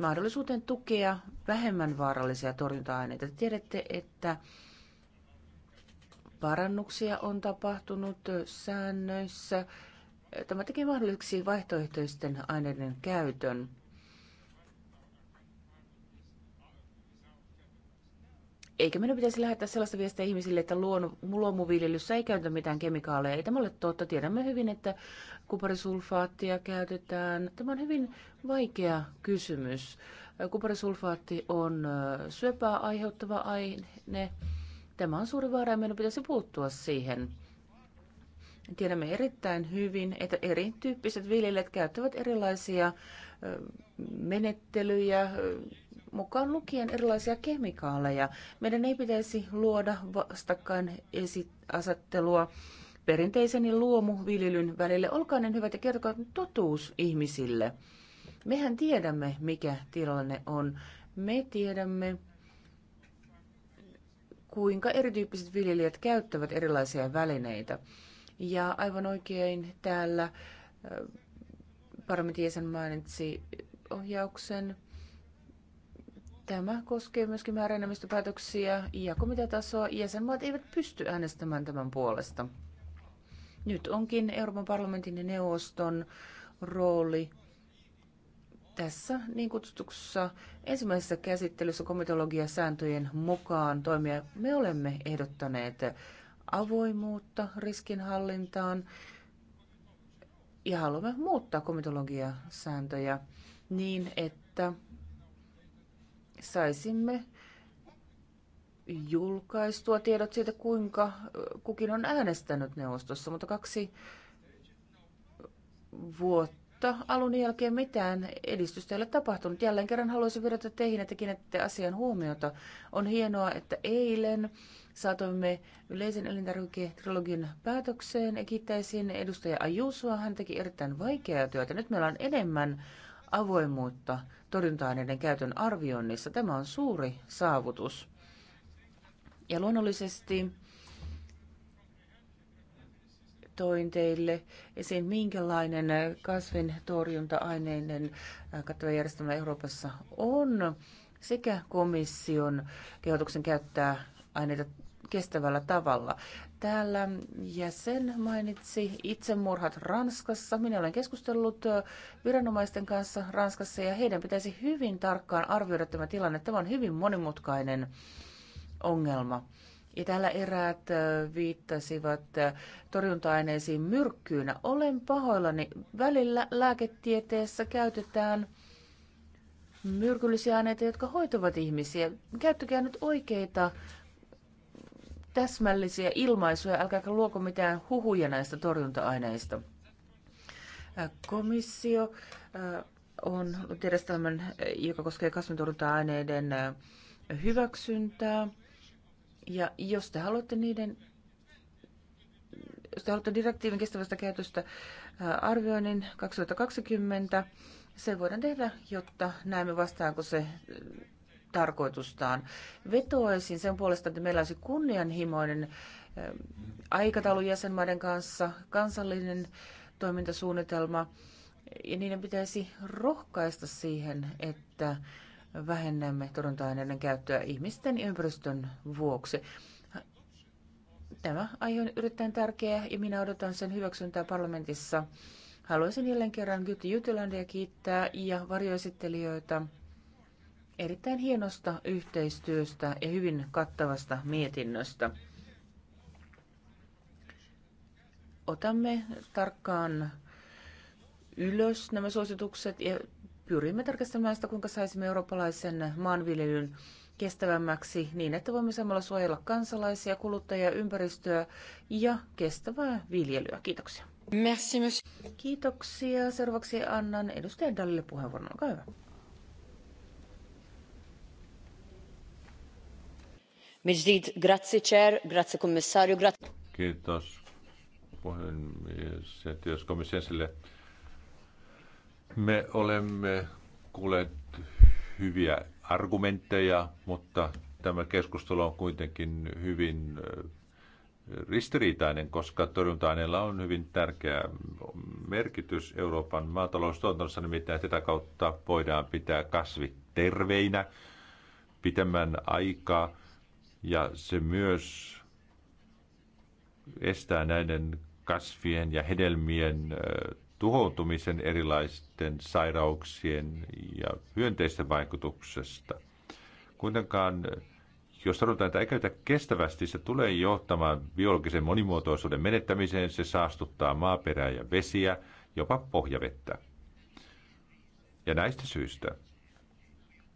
mahdollisuuteen tukea vähemmän vaarallisia torjunta-aineita. Tiedätte, että parannuksia on tapahtunut säännöissä. Tämä tekee mahdolliseksi vaihtoehtoisten aineiden käytön. Eikä meidän pitäisi lähettää sellaista viestiä ihmisille, että luomuviljelyssä ei käytä mitään kemikaaleja. Ei tämä ole totta. Tiedämme hyvin, että kuparisulfaattia käytetään? Tämä on hyvin vaikea kysymys. Kuparisulfaatti on syöpää aiheuttava aine. Tämä on suuri vaara ja meidän pitäisi puuttua siihen. Tiedämme erittäin hyvin, että erityyppiset viljelijät käyttävät erilaisia menettelyjä, mukaan lukien erilaisia kemikaaleja. Meidän ei pitäisi luoda vastakkain asettelua perinteisen ja luomuviljelyn välille. Olkaa niin hyvät ja kertokaa totuus ihmisille. Mehän tiedämme, mikä tilanne on. Me tiedämme, kuinka erityyppiset viljelijät käyttävät erilaisia välineitä. Ja aivan oikein täällä parlamentin jäsen mainitsi ohjauksen. Tämä koskee myöskin määräenemmistöpäätöksiä ja komiteatasoa. Jäsenmaat eivät pysty äänestämään tämän puolesta. Nyt onkin Euroopan parlamentin ja neuvoston rooli tässä niin kutsutussa ensimmäisessä käsittelyssä komitologiasääntöjen mukaan toimia. Me olemme ehdottaneet avoimuutta riskinhallintaan ja haluamme muuttaa komitologiasääntöjä niin, että saisimme julkaistua tiedot siitä, kuinka kukin on äänestänyt neuvostossa, mutta kaksi vuotta alun jälkeen mitään edistystä ei ole tapahtunut. Jälleen kerran haluaisin vedota teihin, että kiinnitätte asian huomiota. On hienoa, että eilen saatoimme yleisen elintarviketrilogin päätökseen ja kiittäisin edustaja Ajusua. Hän teki erittäin vaikeaa työtä. Nyt meillä on enemmän avoimuutta torjunta-aineiden käytön arvioinnissa. Tämä on suuri saavutus. Ja luonnollisesti toin teille esiin, minkälainen torjunta aineiden äh, kattava järjestelmä Euroopassa on, sekä komission kehotuksen käyttää aineita kestävällä tavalla. Täällä jäsen mainitsi itsemurhat Ranskassa. Minä olen keskustellut äh, viranomaisten kanssa Ranskassa ja heidän pitäisi hyvin tarkkaan arvioida tämä tilanne. Tämä on hyvin monimutkainen ongelma. Ja täällä eräät viittasivat torjunta-aineisiin myrkkyynä. Olen pahoillani. Välillä lääketieteessä käytetään myrkyllisiä aineita, jotka hoitavat ihmisiä. Käyttäkää nyt oikeita täsmällisiä ilmaisuja, älkääkä luoko mitään huhuja näistä torjunta-aineista. Komissio on ollut järjestelmän, joka koskee kasvintorjunta-aineiden hyväksyntää. Ja jos te haluatte niiden, jos te haluatte direktiivin kestävästä käytöstä äh, arvioinnin 2020, se voidaan tehdä, jotta näemme vastaanko se äh, tarkoitustaan. Vetoaisin sen puolesta, että meillä olisi kunnianhimoinen äh, aikataulu jäsenmaiden kanssa, kansallinen toimintasuunnitelma, ja niiden pitäisi rohkaista siihen, että vähennämme torjunta-aineiden käyttöä ihmisten ja ympäristön vuoksi. Tämä aihe on erittäin tärkeä ja minä odotan sen hyväksyntää parlamentissa. Haluaisin jälleen kerran Gytti Jutilandia kiittää ja varjoesittelijöitä erittäin hienosta yhteistyöstä ja hyvin kattavasta mietinnöstä. Otamme tarkkaan ylös nämä suositukset ja pyrimme tarkastelemaan sitä, kuinka saisimme eurooppalaisen maanviljelyn kestävämmäksi niin, että voimme samalla suojella kansalaisia, kuluttajia, ympäristöä ja kestävää viljelyä. Kiitoksia. Merci, monsieur. Kiitoksia. Seuraavaksi annan edustaja Dallille puheenvuoron. Olkaa hyvä. grazie chair, grazie commissario, grazie. Kiitos puhemies kiitos komissiosille. Me olemme kuulleet hyviä argumentteja, mutta tämä keskustelu on kuitenkin hyvin äh, ristiriitainen, koska torjunta-aineilla on hyvin tärkeä merkitys Euroopan maataloustuotannossa, nimittäin tätä kautta voidaan pitää kasvit terveinä pitemmän aikaa, ja se myös estää näiden kasvien ja hedelmien äh, tuhoutumisen erilaisten sairauksien ja hyönteisten vaikutuksesta. Kuitenkaan, jos sanotaan, että ei käytä kestävästi, se tulee johtamaan biologisen monimuotoisuuden menettämiseen, se saastuttaa maaperää ja vesiä, jopa pohjavettä. Ja näistä syistä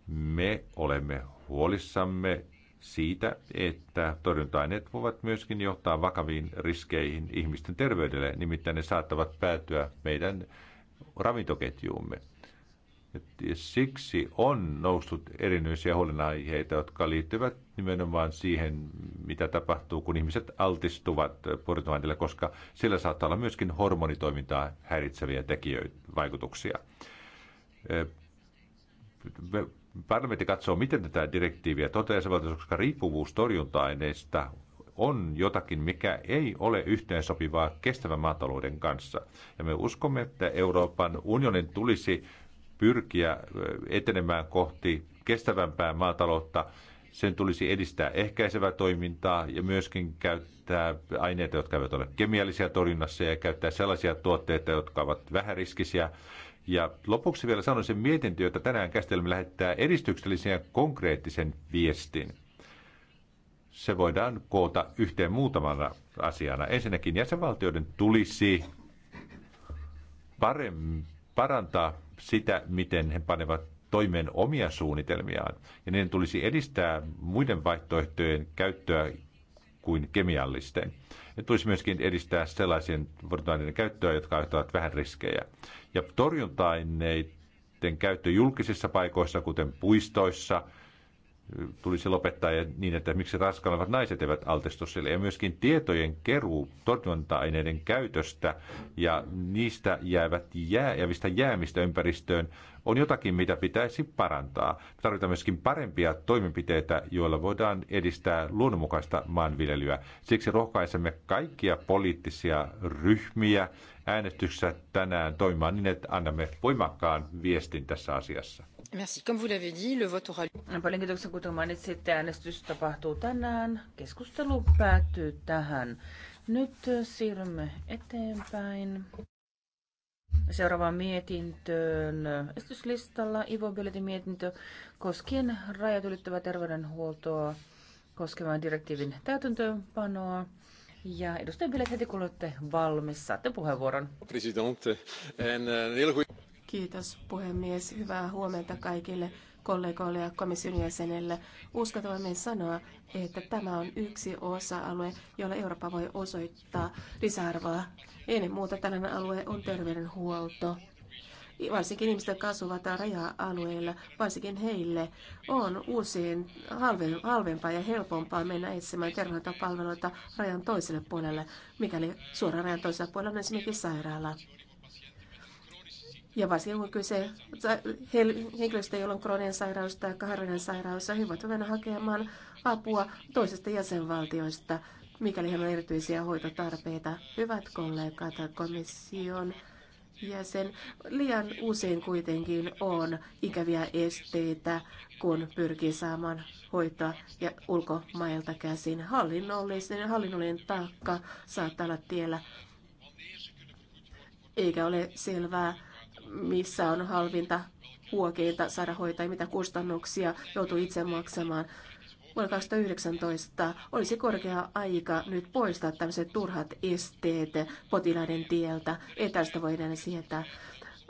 me olemme huolissamme siitä, että torjunta-aineet voivat myöskin johtaa vakaviin riskeihin ihmisten terveydelle, nimittäin ne saattavat päätyä meidän ravintoketjuumme. Siksi on noussut erinäisiä huolenaiheita, jotka liittyvät nimenomaan siihen, mitä tapahtuu, kun ihmiset altistuvat portugaanille, koska sillä saattaa olla myöskin hormonitoimintaa häiritseviä tekijöitä, vaikutuksia Parlamentti katsoo, miten tätä direktiiviä toteaa, koska riippuvuus torjunta-aineista on jotakin, mikä ei ole yhteensopivaa kestävän maatalouden kanssa. Ja me uskomme, että Euroopan unionin tulisi pyrkiä etenemään kohti kestävämpää maataloutta. Sen tulisi edistää ehkäisevää toimintaa ja myöskin käyttää aineita, jotka eivät ole kemiallisia torjunnassa ja käyttää sellaisia tuotteita, jotka ovat vähäriskisiä ja lopuksi vielä sanon sen mietintö, jota tänään käsitelmme lähettää edistyksellisen ja konkreettisen viestin. Se voidaan koota yhteen muutamana asiana. Ensinnäkin jäsenvaltioiden tulisi parem, parantaa sitä, miten he panevat toimeen omia suunnitelmiaan. Ja niiden tulisi edistää muiden vaihtoehtojen käyttöä kuin kemiallisten. Ja tulisi myöskin edistää sellaisien polttoaineiden käyttöä, jotka aiheuttavat vähän riskejä. Ja torjunta-aineiden käyttö julkisissa paikoissa, kuten puistoissa – tulisi lopettaa ja niin, että miksi raskaalevat naiset eivät altistu sille. Ja myöskin tietojen keruu torjunta-aineiden käytöstä ja niistä jäävät jää, jäävistä jäämistä ympäristöön on jotakin, mitä pitäisi parantaa. Tarvitaan myöskin parempia toimenpiteitä, joilla voidaan edistää luonnonmukaista maanviljelyä. Siksi rohkaisemme kaikkia poliittisia ryhmiä äänestyksessä tänään toimimaan niin, että annamme voimakkaan viestin tässä asiassa. Merci. Comme vous l'avez dit, le vote aura... Paljon kiitoksia, kuten mainitsitte. Äänestys tapahtuu tänään. Keskustelu päättyy tähän. Nyt siirrymme eteenpäin. Seuraavaan mietintöön esityslistalla Ivo Biletin mietintö koskien rajat ylittävää terveydenhuoltoa koskevan direktiivin täytäntöönpanoa. Ja edustaja Bilet, heti kun olette valmis, saatte puheenvuoron. Presidente, en, uh, Kiitos puhemies. Hyvää huomenta kaikille kollegoille ja komission jäsenille. Uskottavamme sanoa, että tämä on yksi osa-alue, jolla Eurooppa voi osoittaa lisäarvoa. Ennen muuta tällainen alue on terveydenhuolto. Varsinkin ihmiset, jotka asuvat raja-alueilla, varsinkin heille on usein halvempaa ja helpompaa mennä etsimään terveydenhuoltopalveluita rajan toiselle puolelle, mikäli suoraan rajan toisella puolella on esimerkiksi sairaala. Ja varsinkin kun kyse henkilöstä, jolla on krooninen sairaus tai kahdenen sairaus, he voivat mennä hakemaan apua toisesta jäsenvaltioista, mikäli heillä on erityisiä hoitotarpeita. Hyvät kollegat, komission jäsen. Liian usein kuitenkin on ikäviä esteitä, kun pyrkii saamaan hoitoa ja ulkomailta käsin. Hallinnollinen, hallinnollinen taakka saattaa olla tiellä, eikä ole selvää, missä on halvinta huokeinta saada ja mitä kustannuksia joutuu itse maksamaan. Vuonna 2019 olisi korkea aika nyt poistaa tämmöiset turhat esteet potilaiden tieltä. Etäistä voidaan sietää.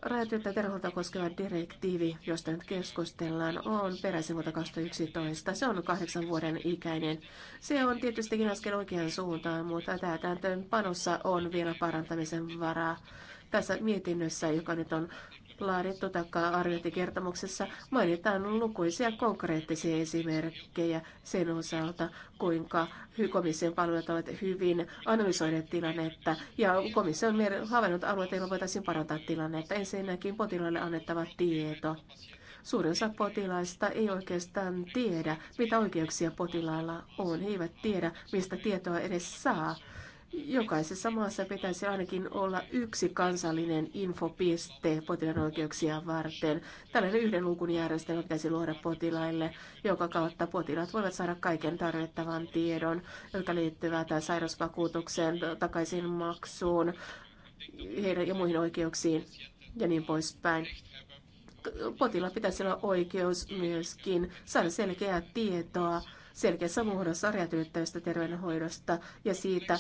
Rajatyötä terholta koskeva direktiivi, josta nyt keskustellaan, on peräisin vuotta 2011. Se on kahdeksan vuoden ikäinen. Se on tietystikin askel oikeaan suuntaan, mutta täytäntöön panossa on vielä parantamisen varaa. Tässä mietinnössä, joka nyt on laadittu takaa arviointikertomuksessa, mainitaan lukuisia konkreettisia esimerkkejä sen osalta, kuinka komission palvelut ovat hyvin analysoineet tilannetta ja komissio on havainnut alueita, joilla voitaisiin parantaa tilannetta. Ensinnäkin potilaille annettava tieto. Suurin osa potilaista ei oikeastaan tiedä, mitä oikeuksia potilailla on. He eivät tiedä, mistä tietoa edes saa. Jokaisessa maassa pitäisi ainakin olla yksi kansallinen infopiste potilaan oikeuksia varten. Tällainen yhden luukun järjestelmä pitäisi luoda potilaille, joka kautta potilaat voivat saada kaiken tarvittavan tiedon, jotka tai sairausvakuutukseen, takaisin maksuun heidän ja muihin oikeuksiin ja niin poispäin Potilaan pitäisi olla oikeus myöskin saada selkeää tietoa selkeässä muodossa räätyyttävästä terveydenhoidosta ja siitä,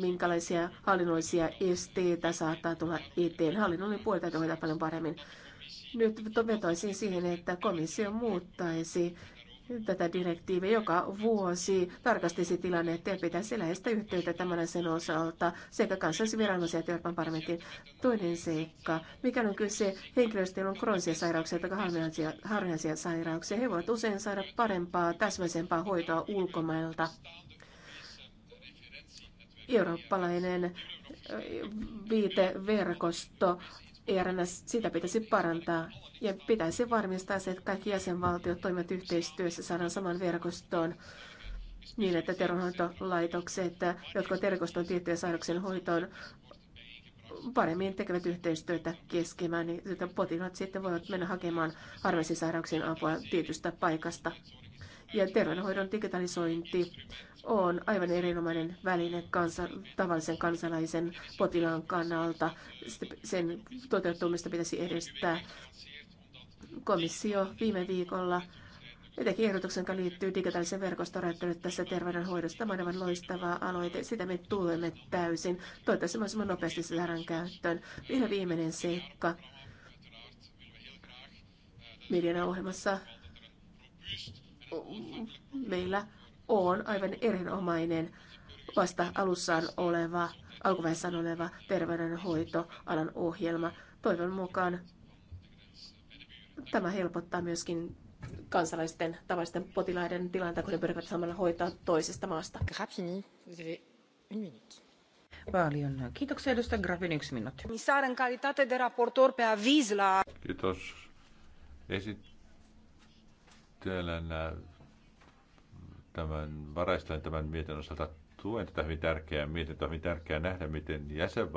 minkälaisia hallinnollisia esteitä saattaa tulla eteen. Hallinnollinen puoli täytyy hoitaa paljon paremmin. Nyt vetoisin siihen, että komissio muuttaisi tätä direktiiviä joka vuosi tarkastisi tilannetta ja pitäisi läheistä yhteyttä tämän sen osalta sekä kansallisviranomaisia että Euroopan parlamentin toinen seikka. mikä on kyse henkilöstöllä on kroonisia sairauksia tai harvinaisia sairauksia, he voivat usein saada parempaa, täsmäisempää hoitoa ulkomailta. Eurooppalainen äh, viiteverkosto ERNS, sitä pitäisi parantaa ja pitäisi varmistaa se, että kaikki jäsenvaltiot toimivat yhteistyössä saadaan saman verkostoon niin, että terveydenhoitolaitokset, jotka ovat erikoistuneet tiettyjen sairauksien hoitoon, paremmin tekevät yhteistyötä keskimään, niin että potilaat sitten voivat mennä hakemaan harvaisiin apua tietystä paikasta. Ja terveydenhoidon digitalisointi on aivan erinomainen väline kansa, tavallisen kansalaisen potilaan kannalta. Sen toteuttamista pitäisi edistää komissio viime viikolla teki ehdotuksen, joka liittyy digitaalisen verkoston tässä terveydenhoidossa. Tämä on aivan loistava aloite. Sitä me tulemme täysin. Toivottavasti mahdollisimman nopeasti se saadaan käyttöön. Vielä viimeinen seikka. Mediana ohjelmassa meillä on aivan erinomainen vasta alussaan oleva, alkuvaiheessaan oleva terveydenhoitoalan ohjelma. Toivon mukaan Tämä helpottaa myöskin kansalaisten tavallisten potilaiden tilannetta, kun ne pyrkivät samalla hoitaa toisesta maasta. Paljon. Kiitoksia edustaja Grafin yksi minuutti. calitate de raportor pe aviz la... Kiitos. Esittelen äh, tämän varaistan tämän mietinnön osalta. Tuen tätä hyvin tärkeää mietintöä, hyvin tärkeää nähdä, miten jäsenvaltio